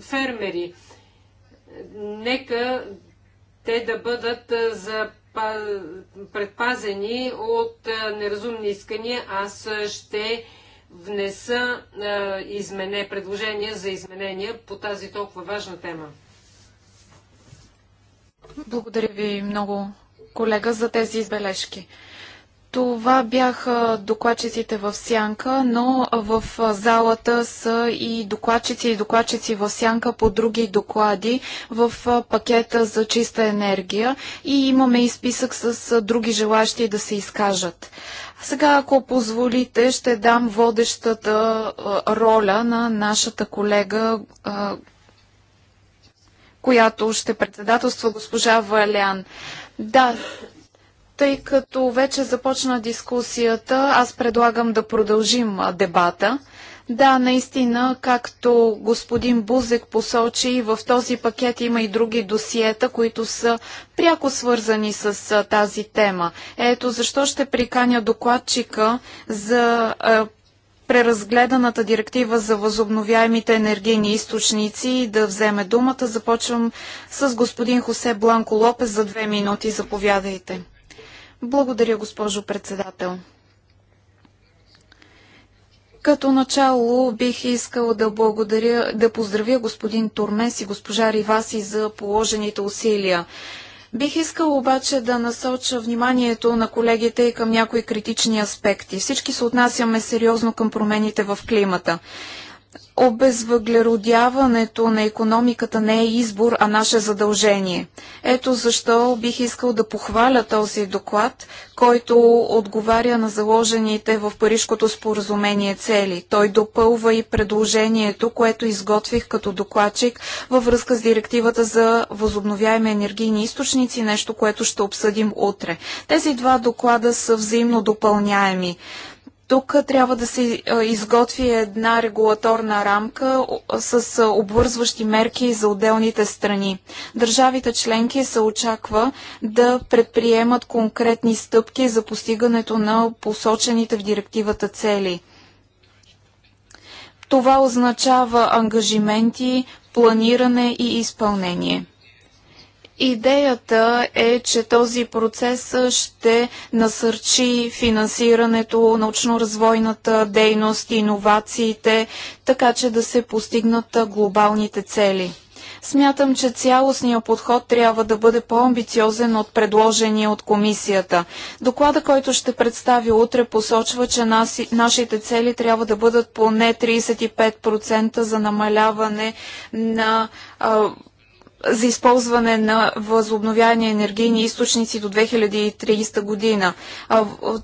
фермери. Нека те да бъдат за предпазени от неразумни искания. Аз ще внеса измене, предложения за изменения по тази толкова важна тема. Благодаря ви много, колега, за тези избележки. Това бяха докладчиците в сянка, но в залата са и докладчици и докладчици в сянка по други доклади в пакета за чиста енергия и имаме и списък с други желащи да се изкажат. Сега, ако позволите, ще дам водещата роля на нашата колега която ще председателства госпожа Валян. Да, тъй като вече започна дискусията, аз предлагам да продължим дебата. Да, наистина, както господин Бузек посочи, в този пакет има и други досиета, които са пряко свързани с тази тема. Ето защо ще приканя докладчика за преразгледаната директива за възобновяемите енергийни източници и да вземе думата. Започвам с господин Хосе Бланко Лопес за две минути. Заповядайте. Благодаря, госпожо председател. Като начало бих искала да благодаря, да поздравя господин Турмес и госпожа Риваси за положените усилия. Бих искал обаче да насоча вниманието на колегите и към някои критични аспекти. Всички се отнасяме сериозно към промените в климата обезвъглеродяването на економиката не е избор, а наше задължение. Ето защо бих искал да похваля този доклад, който отговаря на заложените в Парижкото споразумение цели. Той допълва и предложението, което изготвих като докладчик във връзка с директивата за възобновяеми енергийни източници, нещо, което ще обсъдим утре. Тези два доклада са взаимно допълняеми. Тук трябва да се изготви една регулаторна рамка с обвързващи мерки за отделните страни. Държавите членки се очаква да предприемат конкретни стъпки за постигането на посочените в директивата цели. Това означава ангажименти, планиране и изпълнение. Идеята е, че този процес ще насърчи финансирането, научно-развойната дейност, иновациите, така че да се постигнат глобалните цели. Смятам, че цялостният подход трябва да бъде по-амбициозен от предложения от комисията. Доклада, който ще представи утре, посочва, че нашите цели трябва да бъдат поне 35% за намаляване на а, за използване на възобновяеми енергийни източници до 2030 година.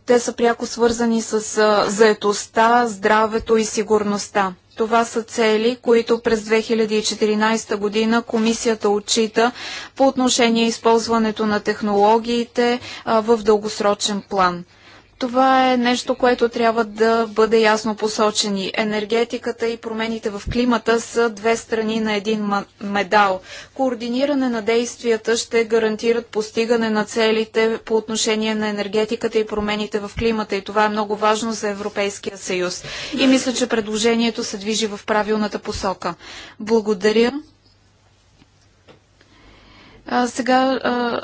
Те са пряко свързани с заетостта, здравето и сигурността. Това са цели, които през 2014 година комисията отчита по отношение използването на технологиите в дългосрочен план. Това е нещо, което трябва да бъде ясно посочени. Енергетиката и промените в климата са две страни на един медал. Координиране на действията ще гарантират постигане на целите по отношение на енергетиката и промените в климата и това е много важно за Европейския съюз. И мисля, че предложението се движи в правилната посока. Благодаря. А, сега а,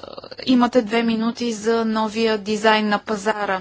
имате две минути за новия дизайн на пазара.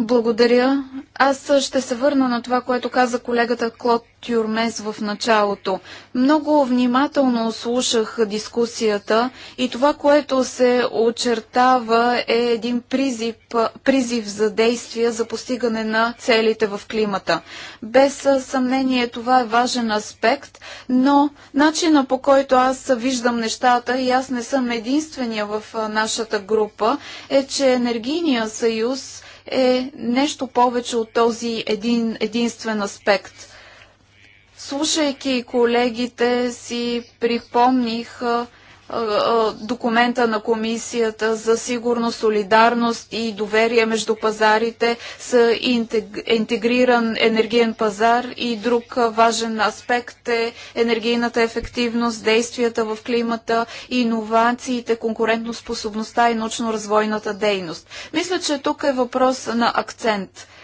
Благодаря. Аз ще се върна на това, което каза колегата Клод Тюрмес в началото. Много внимателно слушах дискусията и това, което се очертава е един призив, призив за действия за постигане на целите в климата. Без съмнение това е важен аспект, но начина по който аз виждам нещата и аз не съм единствения в нашата група е, че енергийния съюз е нещо повече от този един единствен аспект. Слушайки колегите си, припомних документа на Комисията за сигурност, солидарност и доверие между пазарите с интегриран енергиен пазар и друг важен аспект е енергийната ефективност, действията в климата, иновациите, конкурентоспособността и научно-развойната дейност. Мисля, че тук е въпрос на акцент –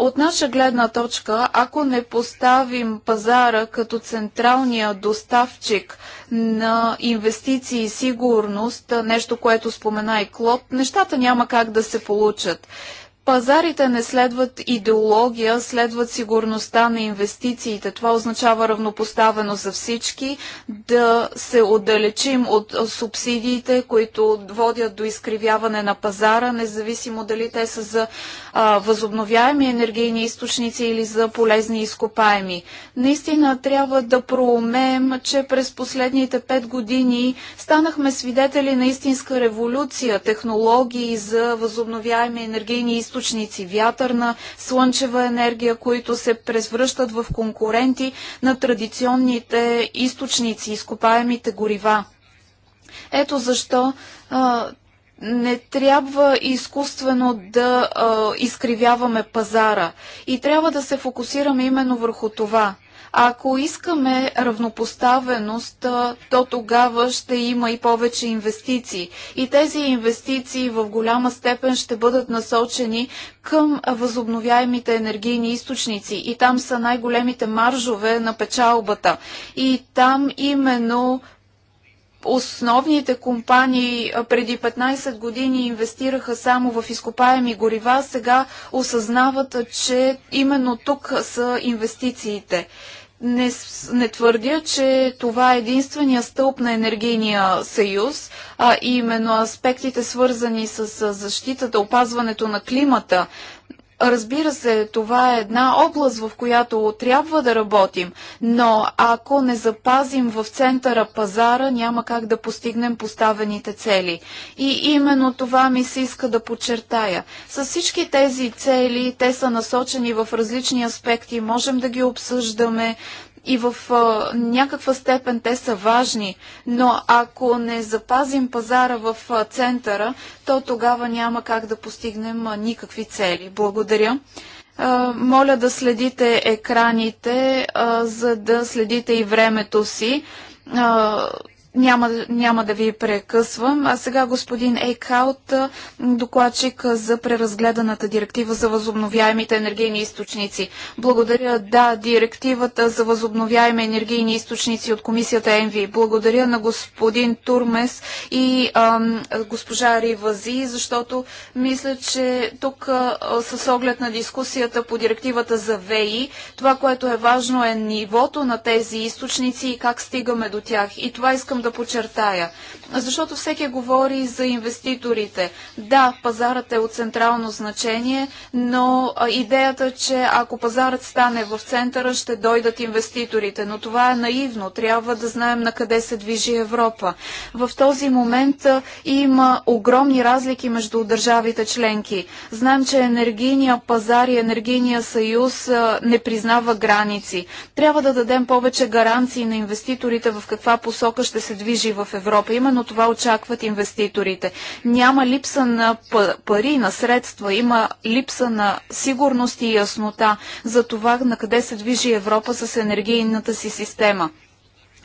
от наша гледна точка, ако не поставим пазара като централния доставчик на инвестиции и сигурност, нещо, което спомена и Клод, нещата няма как да се получат. Пазарите не следват идеология, следват сигурността на инвестициите. Това означава равнопоставено за всички, да се отдалечим от субсидиите, които водят до изкривяване на пазара, независимо дали те са за а, възобновяеми енергийни източници или за полезни изкопаеми. Наистина трябва да проумеем, че през последните пет години станахме свидетели на истинска революция, технологии за възобновяеми енергийни източници източници, вятърна, слънчева енергия, които се превръщат в конкуренти на традиционните източници, изкопаемите горива. Ето защо а, не трябва изкуствено да а, изкривяваме пазара и трябва да се фокусираме именно върху това – ако искаме равнопоставеност, то тогава ще има и повече инвестиции. И тези инвестиции в голяма степен ще бъдат насочени към възобновяемите енергийни източници. И там са най-големите маржове на печалбата. И там именно основните компании преди 15 години инвестираха само в изкопаеми горива, сега осъзнават, че именно тук са инвестициите. Не, не твърдя, че това е единствения стълб на енергийния съюз, а именно аспектите свързани с защитата, опазването на климата, Разбира се, това е една област, в която трябва да работим, но ако не запазим в центъра пазара, няма как да постигнем поставените цели. И именно това ми се иска да подчертая. С всички тези цели, те са насочени в различни аспекти, можем да ги обсъждаме, и в а, някаква степен те са важни, но ако не запазим пазара в а, центъра, то тогава няма как да постигнем а, никакви цели. Благодаря. Моля да следите екраните, за да следите и времето си няма, няма да ви прекъсвам. А сега господин Ейкхаут, докладчик за преразгледаната директива за възобновяемите енергийни източници. Благодаря, да, директивата за възобновяеми енергийни източници от комисията ЕНВИ. Благодаря на господин Турмес и ам, госпожа Ривази, защото мисля, че тук а, с оглед на дискусията по директивата за ВЕИ, това, което е важно е нивото на тези източници и как стигаме до тях. И това искам да подчертая защото всеки говори за инвеститорите. Да, пазарът е от централно значение, но идеята, че ако пазарът стане в центъра, ще дойдат инвеститорите. Но това е наивно. Трябва да знаем на къде се движи Европа. В този момент има огромни разлики между държавите членки. Знаем, че енергийния пазар и енергийния съюз не признава граници. Трябва да дадем повече гаранции на инвеститорите в каква посока ще се движи в Европа. Именно Именно това очакват инвеститорите. Няма липса на пари, на средства, има липса на сигурност и яснота за това на къде се движи Европа с енергийната си система.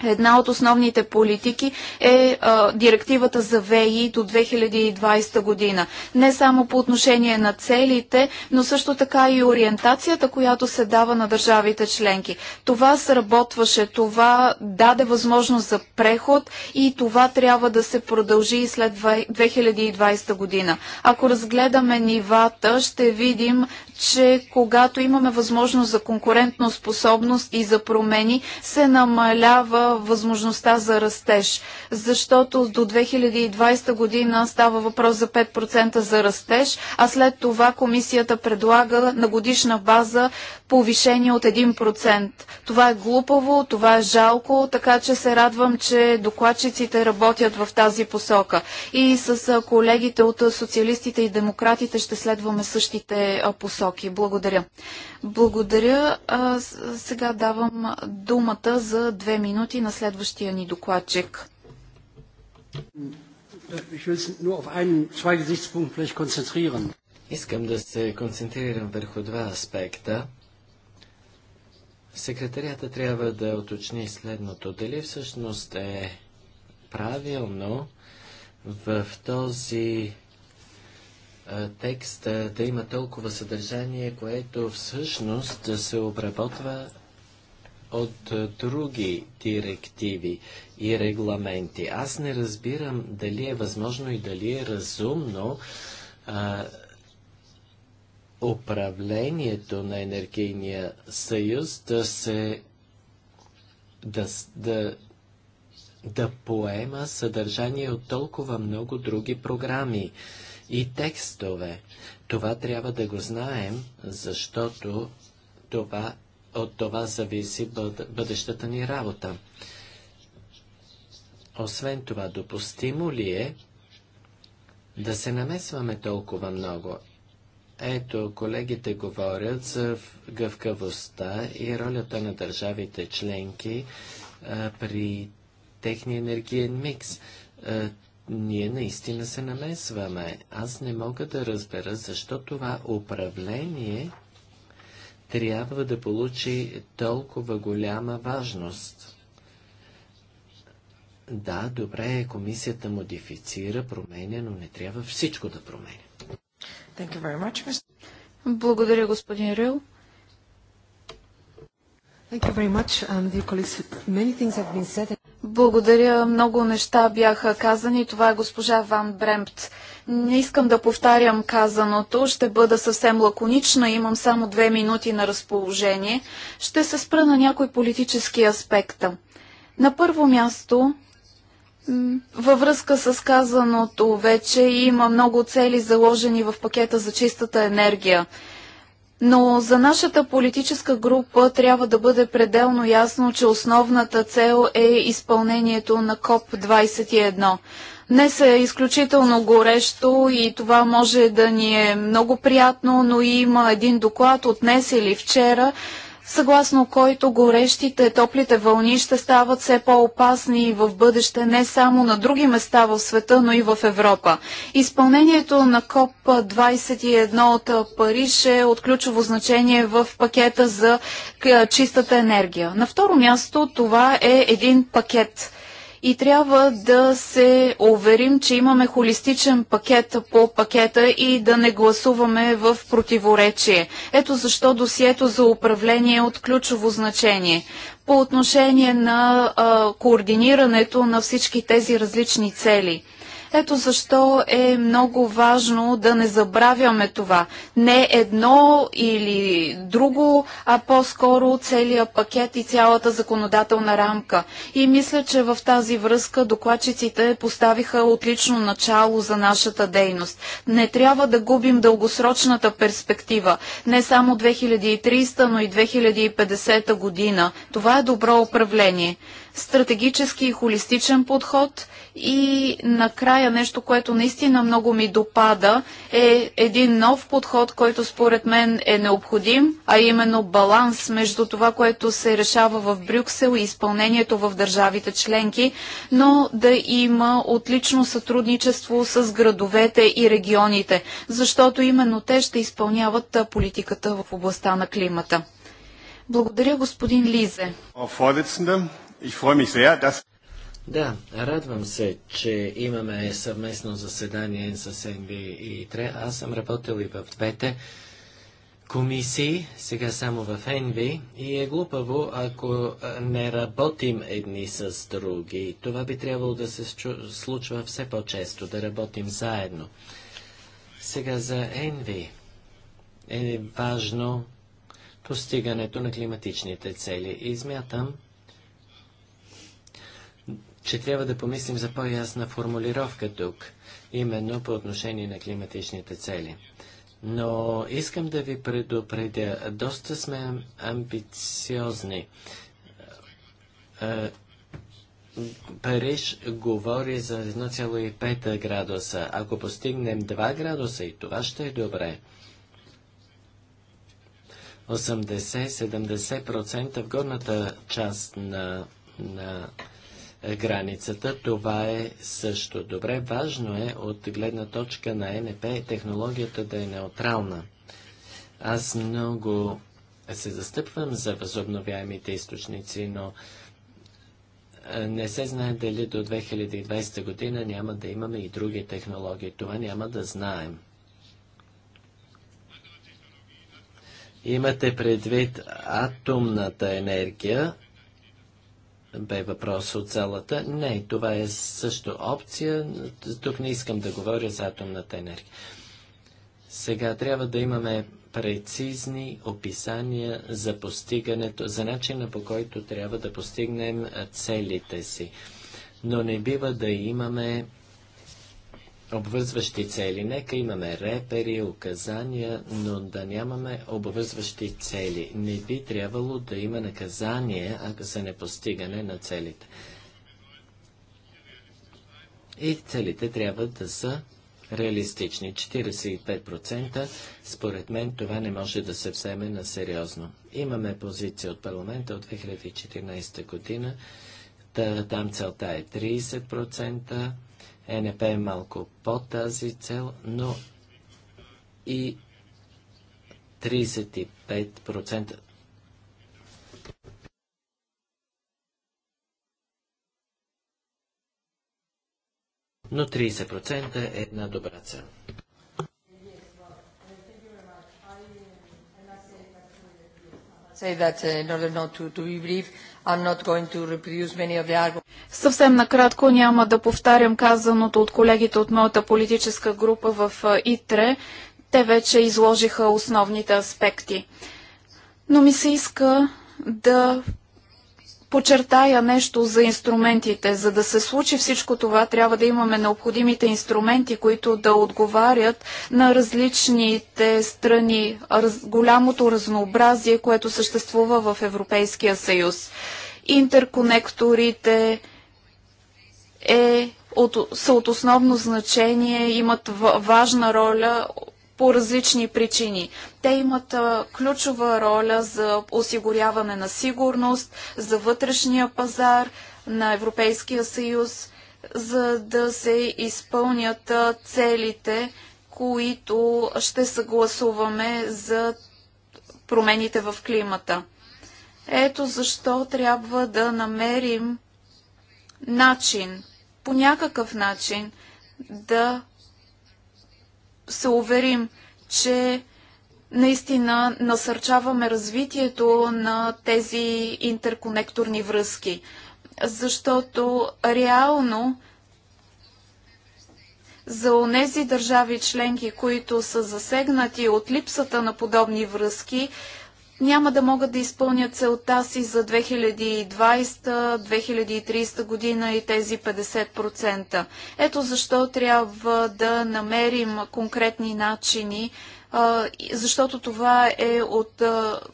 Една от основните политики е а, директивата за ВИ до 2020 година. Не само по отношение на целите, но също така и ориентацията, която се дава на държавите членки. Това сработваше, това даде възможност за преход и това трябва да се продължи и след 2020 година. Ако разгледаме нивата, ще видим, че когато имаме възможност за конкурентно способност и за промени, се намалява възможността за растеж. Защото до 2020 година става въпрос за 5% за растеж, а след това комисията предлага на годишна база повишение от 1%. Това е глупаво, това е жалко, така че се радвам, че докладчиците работят в тази посока. И с колегите от социалистите и демократите ще следваме същите посоки насоки. Благодаря. Благодаря. А, сега давам думата за две минути на следващия ни докладчик. Е, Искам да се концентрирам върху два аспекта. Секретарията трябва да уточни следното. Дали всъщност е правилно в този текст да има толкова съдържание, което всъщност се обработва от други директиви и регламенти. Аз не разбирам дали е възможно и дали е разумно а, управлението на енергийния съюз да се да, да, да поема съдържание от толкова много други програми. А, и текстове. Това трябва да го знаем, защото това, от това зависи бъдещата ни работа. Освен това, допустимо ли е да се намесваме толкова много? Ето, колегите говорят за гъвкавостта и ролята на държавите членки а, при техния енергиен микс. А, ние наистина се намесваме. Аз не мога да разбера защо това управление трябва да получи толкова голяма важност. Да, добре, е, комисията модифицира, променя, но не трябва всичко да променя. Much, Благодаря, господин Рил. Um, Благодаря. Много неща бяха казани. Това е госпожа Ван Бремт. Не искам да повтарям казаното. Ще бъда съвсем лаконична. Имам само две минути на разположение. Ще се спра на някой политически аспекта. На първо място, във връзка с казаното вече има много цели заложени в пакета за чистата енергия. Но за нашата политическа група трябва да бъде пределно ясно, че основната цел е изпълнението на КОП-21. Днес е изключително горещо и това може да ни е много приятно, но има един доклад от днес или вчера, съгласно който горещите, топлите вълни ще стават все по-опасни в бъдеще не само на други места в света, но и в Европа. Изпълнението на КОП-21 от Париж е от ключово значение в пакета за чистата енергия. На второ място това е един пакет и трябва да се уверим, че имаме холистичен пакет по пакета и да не гласуваме в противоречие. Ето защо досието за управление е от ключово значение. По отношение на а, координирането на всички тези различни цели – ето защо е много важно да не забравяме това. Не едно или друго, а по-скоро целият пакет и цялата законодателна рамка. И мисля, че в тази връзка докладчиците поставиха отлично начало за нашата дейност. Не трябва да губим дългосрочната перспектива. Не само 2300, но и 2050 година. Това е добро управление. Стратегически и холистичен подход – и накрая нещо, което наистина много ми допада, е един нов подход, който според мен е необходим, а именно баланс между това, което се решава в Брюксел и изпълнението в държавите членки, но да има отлично сътрудничество с градовете и регионите, защото именно те ще изпълняват политиката в областта на климата. Благодаря, господин Лизе. Да, радвам се, че имаме съвместно заседание с НВ и ТРЕ. Аз съм работил и в двете комисии, сега само в НВ и е глупаво, ако не работим едни с други. Това би трябвало да се случва все по-често, да работим заедно. Сега за НВ е важно постигането на климатичните цели и смятам, че трябва да помислим за по-ясна формулировка тук, именно по отношение на климатичните цели. Но искам да ви предупредя, доста сме амбициозни. Е, Париж говори за 1,5 градуса. Ако постигнем 2 градуса и това ще е добре. 80-70% в горната част на, на е, границата. Това е също добре. Важно е от гледна точка на НП технологията да е неутрална. Аз много се застъпвам за възобновяемите източници, но е, не се знае дали до 2020 година няма да имаме и други технологии. Това няма да знаем. Имате предвид атомната енергия, бе въпрос от залата. Не, това е също опция. Тук не искам да говоря за атомната енергия. Сега трябва да имаме прецизни описания за постигането, за начина по който трябва да постигнем целите си. Но не бива да имаме обвързващи цели. Нека имаме репери, указания, но да нямаме обвързващи цели. Не би трябвало да има наказание, ако се не постигане на целите. И целите трябва да са реалистични. 45% според мен това не може да се вземе на сериозно. Имаме позиция от парламента от 2014 година там целта е 30%, НП е, е малко под тази цел, но и 35%. Но 30% е една добра цел. Съвсем накратко няма да повтарям казаното от колегите от моята политическа група в е, ИТРЕ. Те вече изложиха основните аспекти. Но ми се иска да подчертая нещо за инструментите. За да се случи всичко това, трябва да имаме необходимите инструменти, които да отговарят на различните страни, раз, голямото разнообразие, което съществува в Европейския съюз. Интерконекторите е от, са от основно значение, имат важна роля по различни причини. Те имат а, ключова роля за осигуряване на сигурност, за вътрешния пазар на Европейския съюз, за да се изпълнят а, целите, които ще съгласуваме за промените в климата. Ето защо трябва да намерим начин, по някакъв начин, да се уверим, че наистина насърчаваме развитието на тези интерконекторни връзки, защото реално за онези държави членки, които са засегнати от липсата на подобни връзки, няма да могат да изпълнят целта си за 2020-2030 година и тези 50%. Ето защо трябва да намерим конкретни начини защото това е от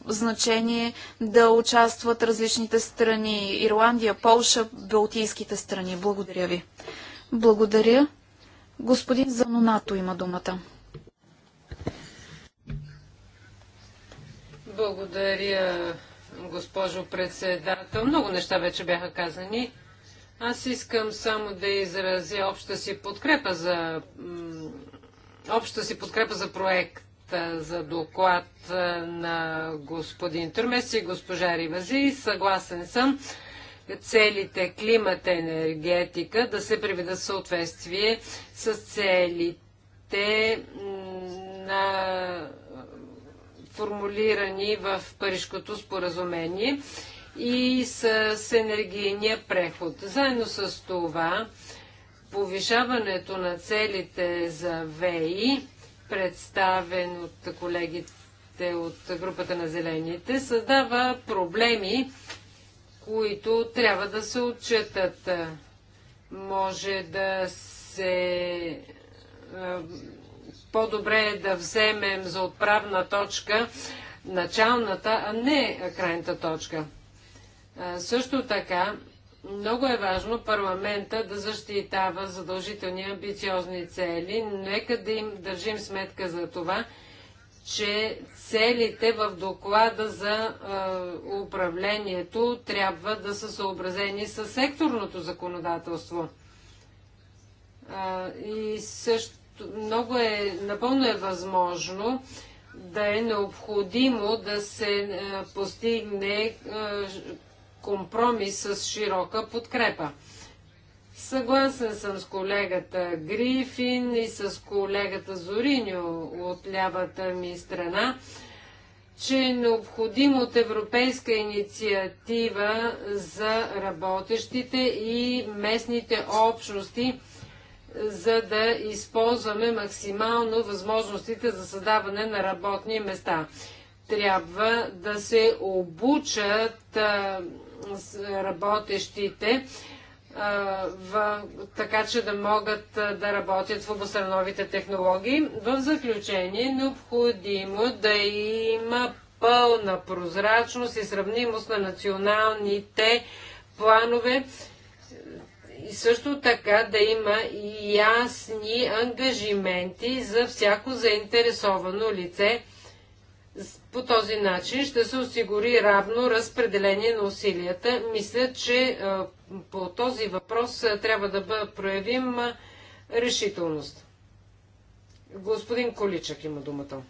значение да участват различните страни Ирландия, Полша, Балтийските страни. Благодаря ви. Благодаря. Господин Занонато има думата. Благодаря, госпожо председател. Много неща вече бяха казани. Аз искам само да изразя обща си подкрепа за, обща си подкрепа за проект за доклад на господин Турмес и госпожа Ривази. Съгласен съм целите климат и енергетика да се приведат в съответствие с целите на формулирани в Парижкото споразумение и с, с енергийния преход. Заедно с това, повишаването на целите за ВЕИ, представен от колегите от групата на зелените, създава проблеми, които трябва да се отчетат. Може да се по-добре е да вземем за отправна точка началната, а не крайната точка. също така, много е важно парламента да защитава задължителни амбициозни цели. Нека да им държим сметка за това, че целите в доклада за управлението трябва да са съобразени с секторното законодателство. и също много е, напълно е възможно да е необходимо да се е, постигне е, компромис с широка подкрепа. Съгласен съм с колегата Грифин и с колегата Зориньо от лявата ми страна, че е необходимо от европейска инициатива за работещите и местните общности – за да използваме максимално възможностите за създаване на работни места. Трябва да се обучат а, работещите, в, така че да могат да работят в областта на новите технологии. В заключение е необходимо да има пълна прозрачност и сравнимост на националните планове и също така да има ясни ангажименти за всяко заинтересовано лице. По този начин ще се осигури равно разпределение на усилията. Мисля, че по този въпрос трябва да проявим решителност. Господин Количък има думата.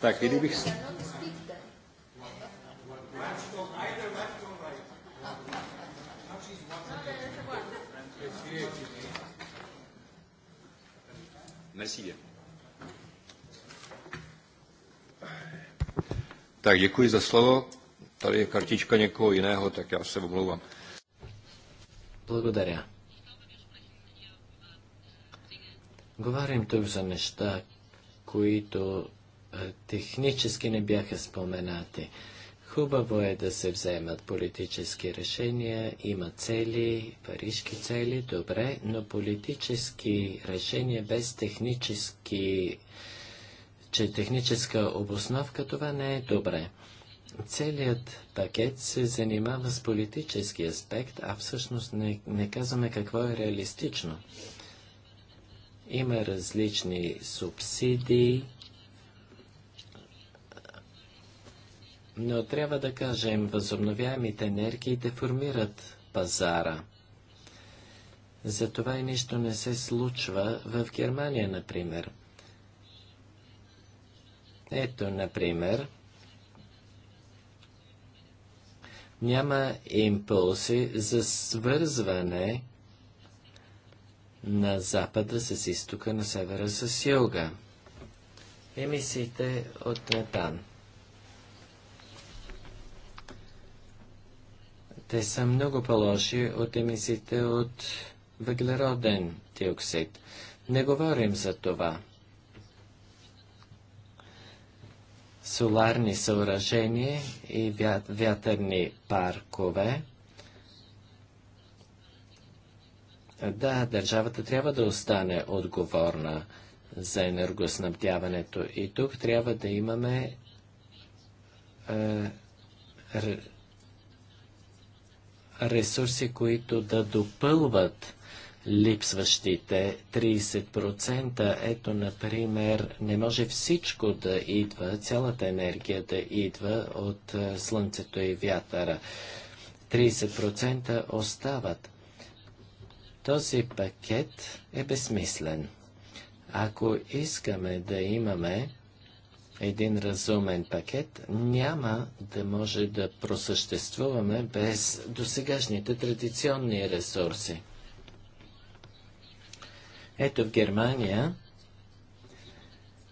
Так, или бих... Насилие. Tak děkuji za slovo. Tady je kartička někoho jiného, tak já se omlouvám. Благодаря. Говорим тук за неща, които технически не бяха споменати. Хубаво е да се вземат политически решения, има цели, парижки цели, добре, но политически решения без технически, че техническа обосновка това не е добре. Целият пакет се занимава с политически аспект, а всъщност не, не казваме какво е реалистично. Има различни субсидии, Но трябва да кажем, възобновяемите енергии деформират пазара. Затова и нищо не се случва в Германия, например. Ето, например, няма импулси за свързване на запада с изтока, на севера с юга. Емисиите от метан. Те са много по-лоши от емисиите от въглероден диоксид. Не говорим за това. Соларни съоръжения и вятърни паркове. Да, държавата трябва да остане отговорна за енергоснабдяването и тук трябва да имаме е, ресурси, които да допълват липсващите 30%. Ето, например, не може всичко да идва, цялата енергия да идва от е, слънцето и вятъра. 30% остават. Този пакет е безсмислен. Ако искаме да имаме един разумен пакет, няма да може да просъществуваме без досегашните традиционни ресурси. Ето в Германия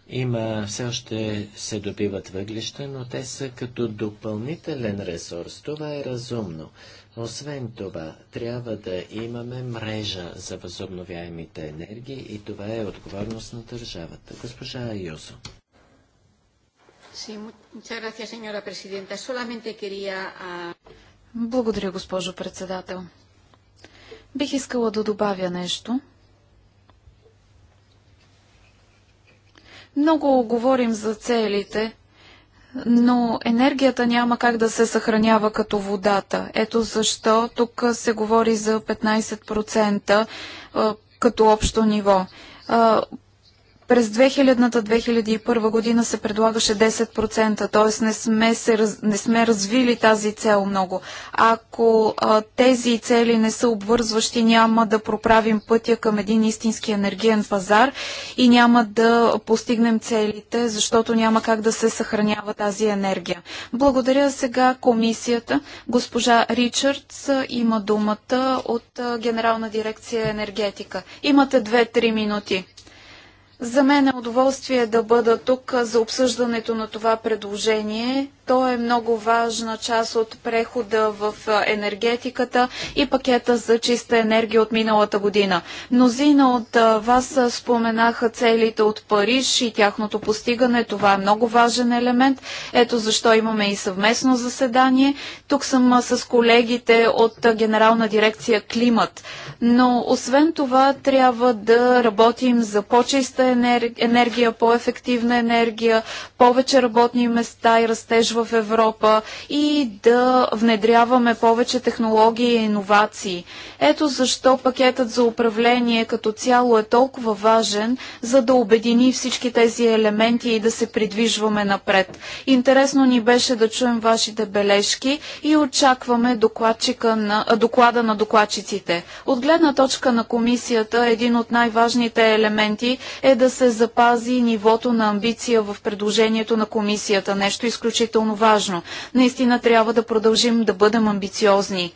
има, все още се добиват въглища, но те са като допълнителен ресурс. Това е разумно. Освен това, трябва да имаме мрежа за възобновяемите енергии и това е отговорност на държавата. Госпожа Айосо. Ah, Благодаря, госпожо председател. Бих искала да добавя нещо. Много говорим за целите, но енергията няма как да се съхранява като водата. Ето защо тук се говори за 15% като общо ниво. През 2000-2001 година се предлагаше 10%, т.е. Не, сме не сме развили тази цел много. Ако а, тези цели не са обвързващи, няма да проправим пътя към един истински енергиен пазар и няма да постигнем целите, защото няма как да се съхранява тази енергия. Благодаря сега комисията. Госпожа Ричардс има думата от Генерална дирекция енергетика. Имате 2-3 минути. За мен е удоволствие да бъда тук за обсъждането на това предложение. То е много важна част от прехода в енергетиката и пакета за чиста енергия от миналата година. Мнозина от вас споменаха целите от Париж и тяхното постигане. Това е много важен елемент. Ето защо имаме и съвместно заседание. Тук съм с колегите от Генерална дирекция Климат. Но освен това трябва да работим за по-чиста енергия, по-ефективна енергия, повече работни места и растеж в Европа и да внедряваме повече технологии и иновации. Ето защо пакетът за управление като цяло е толкова важен, за да обедини всички тези елементи и да се придвижваме напред. Интересно ни беше да чуем вашите бележки и очакваме на, доклада на докладчиците. От гледна точка на комисията един от най-важните елементи е да се запази нивото на амбиция в предложението на комисията. Нещо изключително важно. Наистина трябва да продължим да бъдем амбициозни.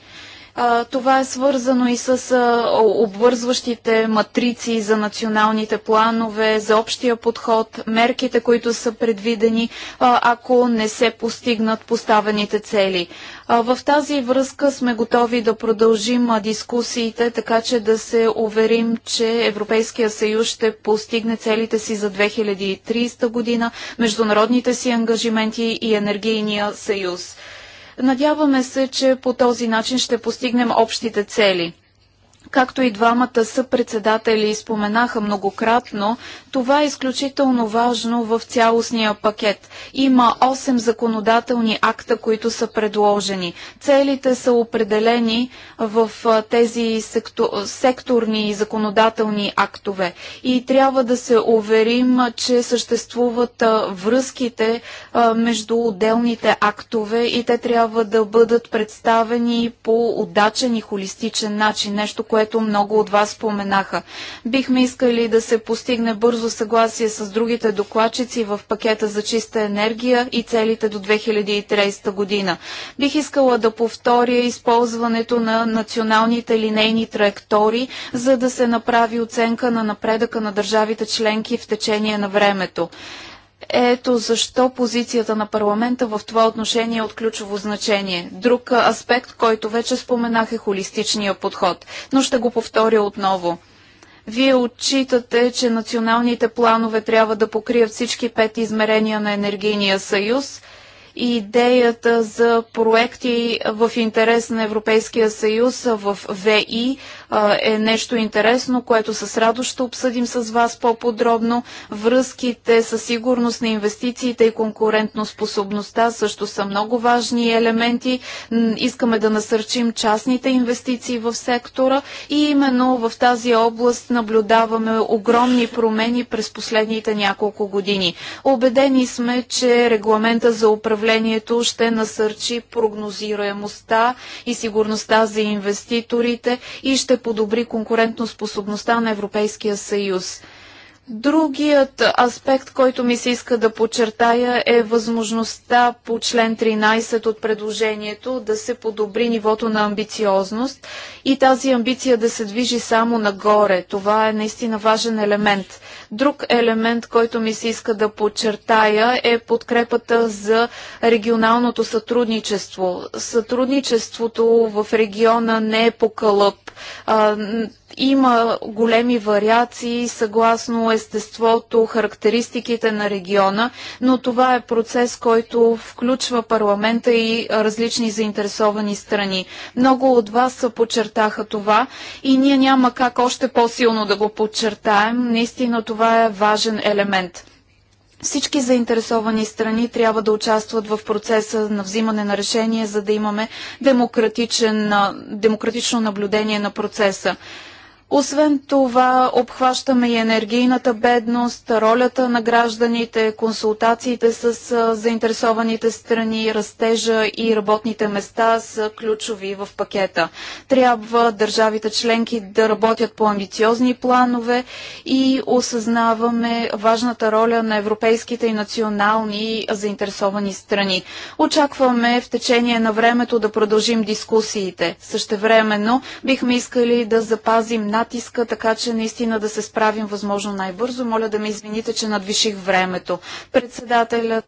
А, това е свързано и с а, обвързващите матрици за националните планове, за общия подход, мерките, които са предвидени, а, ако не се постигнат поставените цели. В тази връзка сме готови да продължим дискусиите, така че да се уверим, че Европейския съюз ще постигне целите си за 2030 година, международните си ангажименти и енергийния съюз. Надяваме се, че по този начин ще постигнем общите цели. Както и двамата и споменаха многократно, това е изключително важно в цялостния пакет. Има 8 законодателни акта, които са предложени. Целите са определени в тези секторни законодателни актове. И трябва да се уверим, че съществуват връзките между отделните актове и те трябва да бъдат представени по удачен и холистичен начин. Нещо, което много от вас споменаха. Бихме искали да се постигне бързо съгласие с другите докладчици в пакета за чиста енергия и целите до 2030 година. Бих искала да повторя използването на националните линейни траектори, за да се направи оценка на напредъка на държавите членки в течение на времето. Ето защо позицията на парламента в това отношение е от ключово значение. Друг аспект, който вече споменах е холистичния подход, но ще го повторя отново. Вие отчитате, че националните планове трябва да покрият всички пет измерения на енергийния съюз – идеята за проекти в интерес на Европейския съюз в ВИ е нещо интересно, което с радост ще обсъдим с вас по-подробно. Връзките със сигурност на инвестициите и конкурентноспособността също са много важни елементи. Искаме да насърчим частните инвестиции в сектора и именно в тази област наблюдаваме огромни промени през последните няколко години. Обедени сме, че регламента за управление управлението ще насърчи прогнозируемостта и сигурността за инвеститорите и ще подобри конкурентоспособността на Европейския съюз. Другият аспект, който ми се иска да подчертая е възможността по член 13 от предложението да се подобри нивото на амбициозност и тази амбиция да се движи само нагоре. Това е наистина важен елемент. Друг елемент, който ми се иска да подчертая е подкрепата за регионалното сътрудничество. Сътрудничеството в региона не е по кълъп. Има големи вариации съгласно естеството, характеристиките на региона, но това е процес, който включва парламента и различни заинтересовани страни. Много от вас подчертаха това и ние няма как още по-силно да го подчертаем. Наистина това е важен елемент. Всички заинтересовани страни трябва да участват в процеса на взимане на решение, за да имаме демократично наблюдение на процеса. Освен това, обхващаме и енергийната бедност, ролята на гражданите, консултациите с заинтересованите страни, растежа и работните места са ключови в пакета. Трябва държавите членки да работят по амбициозни планове и осъзнаваме важната роля на европейските и национални заинтересовани страни. Очакваме в течение на времето да продължим дискусиите. Същевременно бихме искали да запазим на натиска, така че наистина да се справим възможно най-бързо. Моля да ме извините, че надвиших времето. Председателят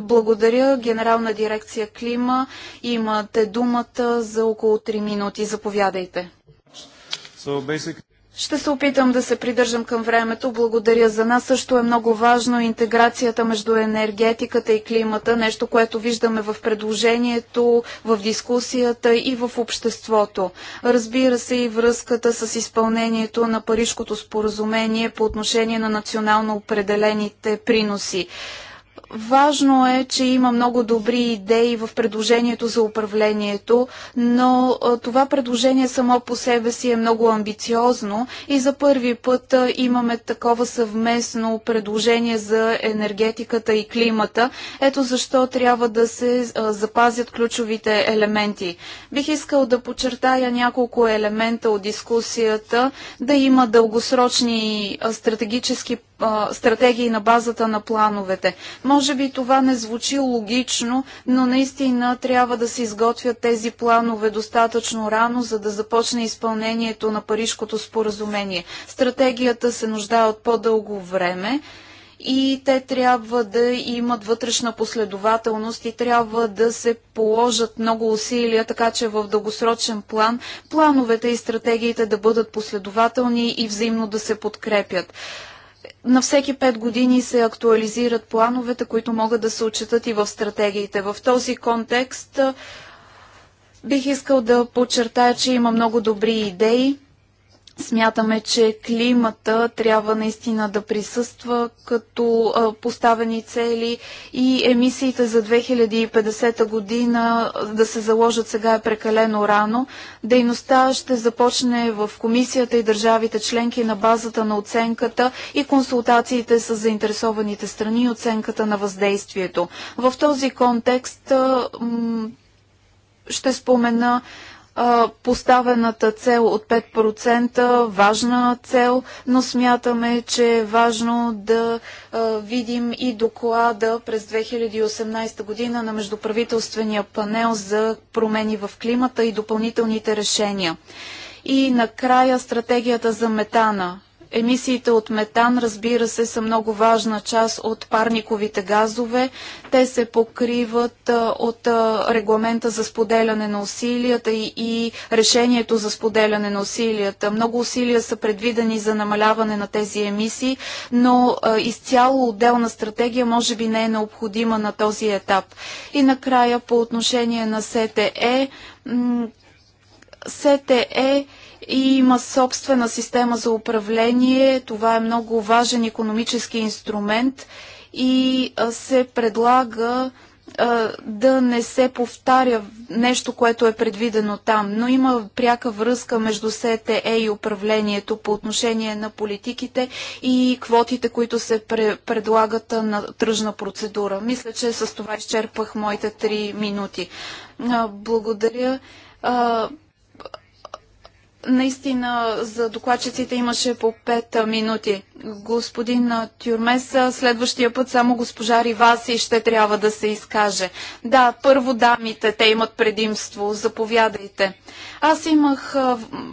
благодаря. Генерална дирекция Клима, имате думата за около 3 минути. Заповядайте. So basically... Ще се опитам да се придържам към времето. Благодаря за нас. Също е много важно интеграцията между енергетиката и климата, нещо, което виждаме в предложението, в дискусията и в обществото. Разбира се и връзката с изпълнението на Парижкото споразумение по отношение на национално определените приноси. Важно е, че има много добри идеи в предложението за управлението, но това предложение само по себе си е много амбициозно и за първи път имаме такова съвместно предложение за енергетиката и климата. Ето защо трябва да се запазят ключовите елементи. Бих искал да подчертая няколко елемента от дискусията, да има дългосрочни стратегически стратегии на базата на плановете. Може би това не звучи логично, но наистина трябва да се изготвят тези планове достатъчно рано, за да започне изпълнението на Парижкото споразумение. Стратегията се нуждае от по-дълго време и те трябва да имат вътрешна последователност и трябва да се положат много усилия, така че в дългосрочен план плановете и стратегиите да бъдат последователни и взаимно да се подкрепят на всеки 5 години се актуализират плановете, които могат да се отчитат и в стратегиите. В този контекст бих искал да подчертая, че има много добри идеи Смятаме, че климата трябва наистина да присъства като поставени цели и емисиите за 2050 година да се заложат сега е прекалено рано. Дейността ще започне в комисията и държавите членки на базата на оценката и консултациите с заинтересованите страни и оценката на въздействието. В този контекст ще спомена поставената цел от 5%, важна цел, но смятаме, че е важно да видим и доклада през 2018 година на Междуправителствения панел за промени в климата и допълнителните решения. И накрая стратегията за метана. Емисиите от метан, разбира се, са много важна част от парниковите газове. Те се покриват от регламента за споделяне на усилията и, решението за споделяне на усилията. Много усилия са предвидени за намаляване на тези емисии, но изцяло отделна стратегия може би не е необходима на този етап. И накрая по отношение на СТЕ, СТЕ и има собствена система за управление. Това е много важен економически инструмент и се предлага да не се повтаря нещо, което е предвидено там. Но има пряка връзка между СТЕ и управлението по отношение на политиките и квотите, които се предлагат на тръжна процедура. Мисля, че с това изчерпах моите три минути. Благодаря. Наистина за докладчиците имаше по 5 минути. Господин Тюрмес, следващия път само госпожа Риваси ще трябва да се изкаже. Да, първо дамите, те имат предимство. Заповядайте. Аз имах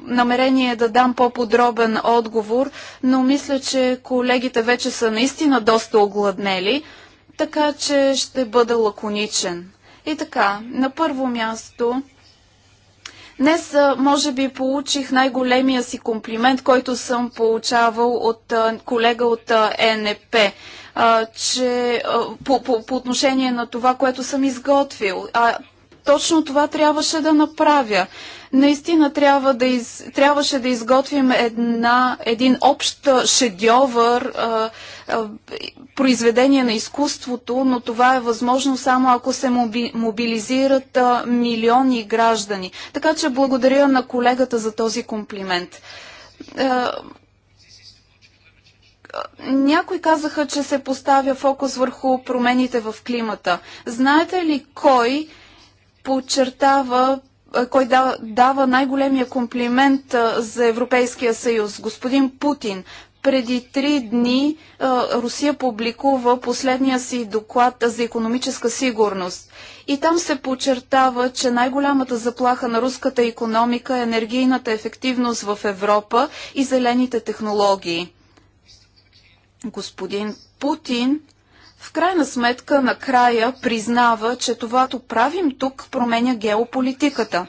намерение да дам по-подробен отговор, но мисля, че колегите вече са наистина доста огладнели, така че ще бъда лаконичен. И така, на първо място Днес, може би, получих най-големия си комплимент, който съм получавал от колега от ЕНП че по, по, по отношение на това, което съм изготвил. А точно това трябваше да направя. Наистина трябва да из... трябваше да изготвим една, един общ шедьовър, а, а, произведение на изкуството, но това е възможно само ако се моби... мобилизират а, милиони граждани. Така че благодаря на колегата за този комплимент. А, някои казаха, че се поставя фокус върху промените в климата. Знаете ли кой подчертава е, кой дава, най-големия комплимент е, за Европейския съюз, господин Путин. Преди три дни е, Русия публикува последния си доклад за економическа сигурност. И там се подчертава, че най-голямата заплаха на руската економика е енергийната ефективност в Европа и зелените технологии. Господин Путин крайна сметка накрая признава, че това, което правим тук, променя геополитиката.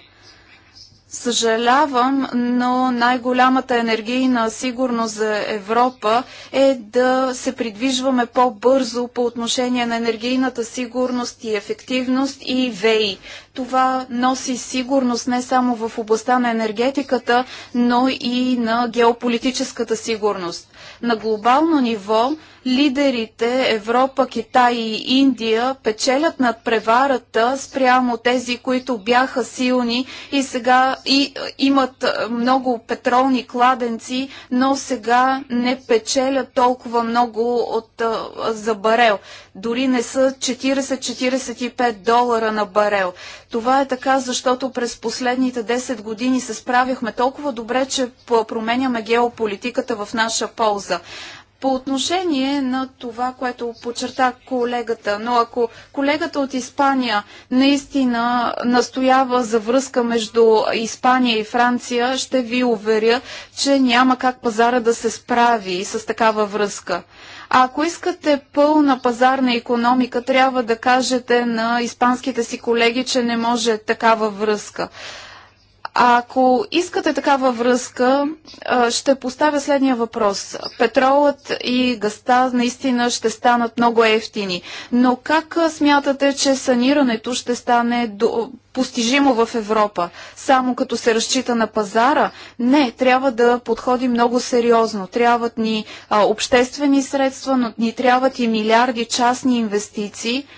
Съжалявам, но най-голямата енергийна сигурност за Европа е да се придвижваме по-бързо по отношение на енергийната сигурност и ефективност и ВЕИ. Това носи сигурност не само в областта на енергетиката, но и на геополитическата сигурност. На глобално ниво лидерите Европа, Китай и Индия печелят над преварата спрямо тези, които бяха силни и сега и, е, имат е, много петролни кладенци, но сега не печелят толкова много от, е, за барел. Дори не са 40-45 долара на барел. Това е така, защото през последните 10 години се справяхме толкова добре, че променяме геополитиката в наша полза. По отношение на това, което подчерта колегата, но ако колегата от Испания наистина настоява за връзка между Испания и Франция, ще ви уверя, че няма как пазара да се справи с такава връзка. А ако искате пълна пазарна економика, трябва да кажете на испанските си колеги, че не може такава връзка. Ако искате такава връзка, ще поставя следния въпрос. Петролът и гъста наистина ще станат много ефтини, но как смятате, че санирането ще стане до... постижимо в Европа? Само като се разчита на пазара? Не, трябва да подходи много сериозно. Трябват ни обществени средства, но ни трябват и милиарди частни инвестиции –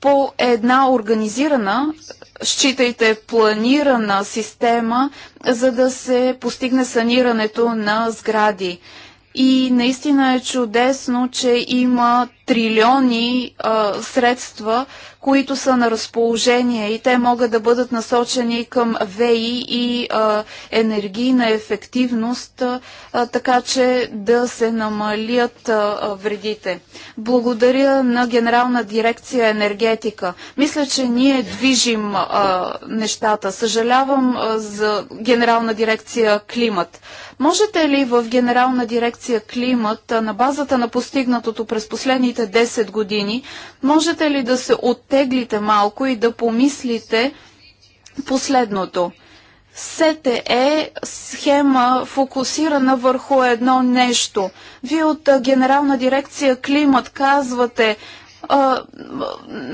по една организирана, считайте, планирана система, за да се постигне санирането на сгради. И наистина е чудесно, че има трилиони а, средства, които са на разположение и те могат да бъдат насочени към ВИ и а, енергийна ефективност, а, така че да се намалят а, вредите. Благодаря на Генерална дирекция енергетика. Мисля, че ние движим а, нещата. Съжалявам а, за Генерална дирекция климат. Можете ли в Генерална дирекция Климат, на базата на постигнатото през последните 10 години, можете ли да се оттеглите малко и да помислите последното? СЕТЕ е схема фокусирана върху едно нещо. Вие от Генерална дирекция Климат казвате, а,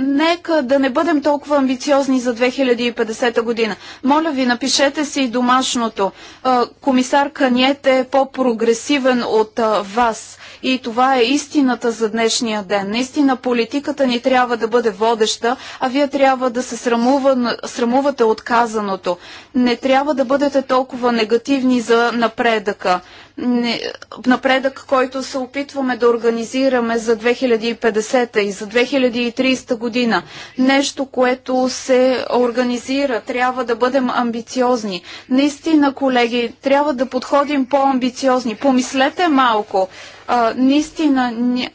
нека да не бъдем толкова амбициозни за 2050 година. Моля ви, напишете си и домашното. А, комисар Каниет е по-прогресивен от а, вас и това е истината за днешния ден. Наистина политиката ни трябва да бъде водеща, а вие трябва да се срамува, срамувате от казаното. Не трябва да бъдете толкова негативни за напредъка. Не, напредък, който се опитваме да организираме за 2050 и за 2030 година. Нещо, което се организира. Трябва да бъдем амбициозни. Наистина, колеги, трябва да подходим по-амбициозни. Помислете малко а, наистина,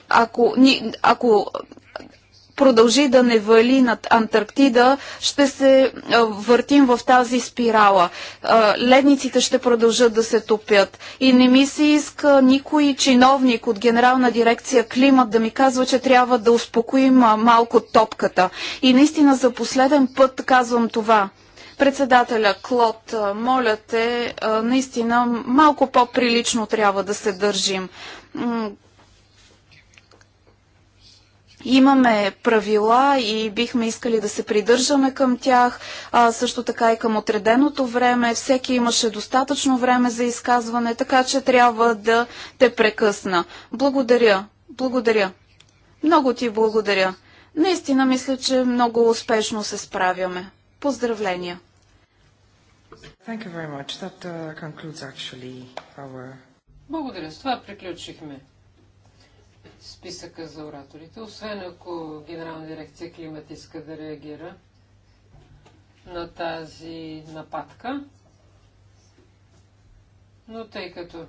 ако, ни, ако продължи да не вали над Антарктида, ще се въртим в тази спирала. Ледниците ще продължат да се топят. И не ми се иска никой чиновник от Генерална дирекция Климат да ми казва, че трябва да успокоим малко топката. И наистина за последен път казвам това. Председателя Клод, моля те, наистина малко по-прилично трябва да се държим. Имаме правила и бихме искали да се придържаме към тях, а, също така и към отреденото време. Всеки имаше достатъчно време за изказване, така че трябва да те прекъсна. Благодаря, благодаря. Много ти благодаря. Наистина мисля, че много успешно се справяме. Поздравления! Thank you very much. That uh, concludes actually our... Благодаря. С това приключихме списъка за ораторите, освен ако Генерална дирекция Климат иска да реагира на тази нападка. Но тъй като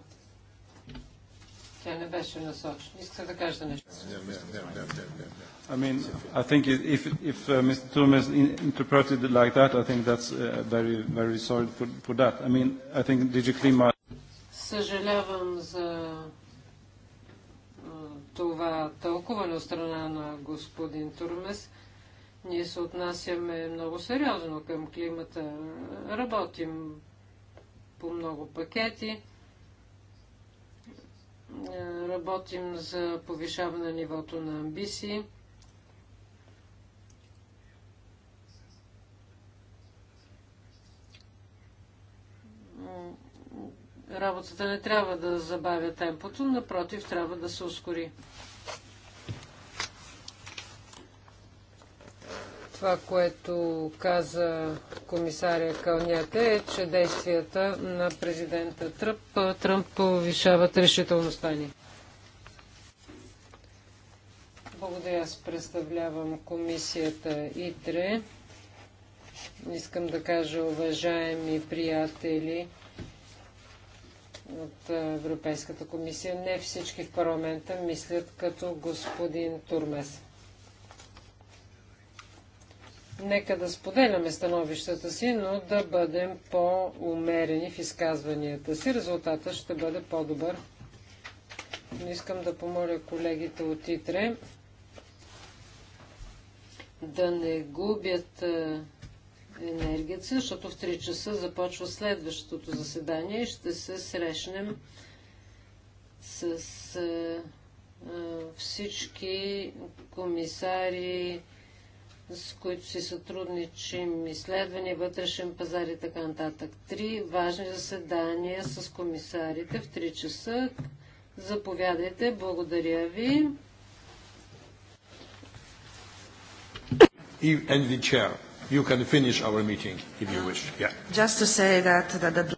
тя не беше насочена, иска да кажа нещо. Не, не, не, не, не, не. I mean, I think if, if uh, Mr. Turmes interpreted it like that, I think that's uh, very, very sorry for, for that. I mean, I think DigiClima... Съжалявам за това тълкуване от страна на господин Турмес. Ние се отнасяме много сериозно към климата. Работим по много пакети работим за повишаване на нивото на амбиции. работата не трябва да забавя темпото, напротив, трябва да се ускори. Това, което каза комисаря Кълнята е, че действията на президента Тръмп, Тръмп повишават решителността ни. Благодаря, аз представлявам комисията ИТРЕ. Искам да кажа, уважаеми приятели, от е, Европейската комисия. Не всички в парламента мислят като господин Турмес. Нека да споделяме становищата си, но да бъдем по-умерени в изказванията си. Резултатът ще бъде по-добър. Искам да помоля колегите от ИТРЕ да не губят е, енергията си, защото в 3 часа започва следващото заседание и ще се срещнем с а, а, всички комисари, с които си сътрудничим изследвания, вътрешен пазар и така нататък. Три важни заседания с комисарите в 3 часа. Заповядайте. Благодаря ви. and the chair you can finish our meeting if you wish. Yeah. Just to say that, that the...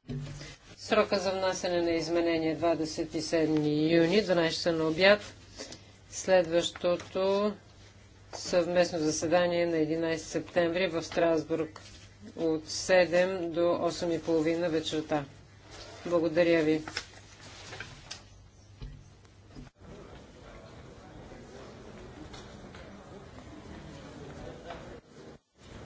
Срока за внасяне на изменение 27 е юни, 12 на обяд. Следващото съвместно заседание е на 11 септември в Страсбург от 7 до 8.30 вечерта. Благодаря ви.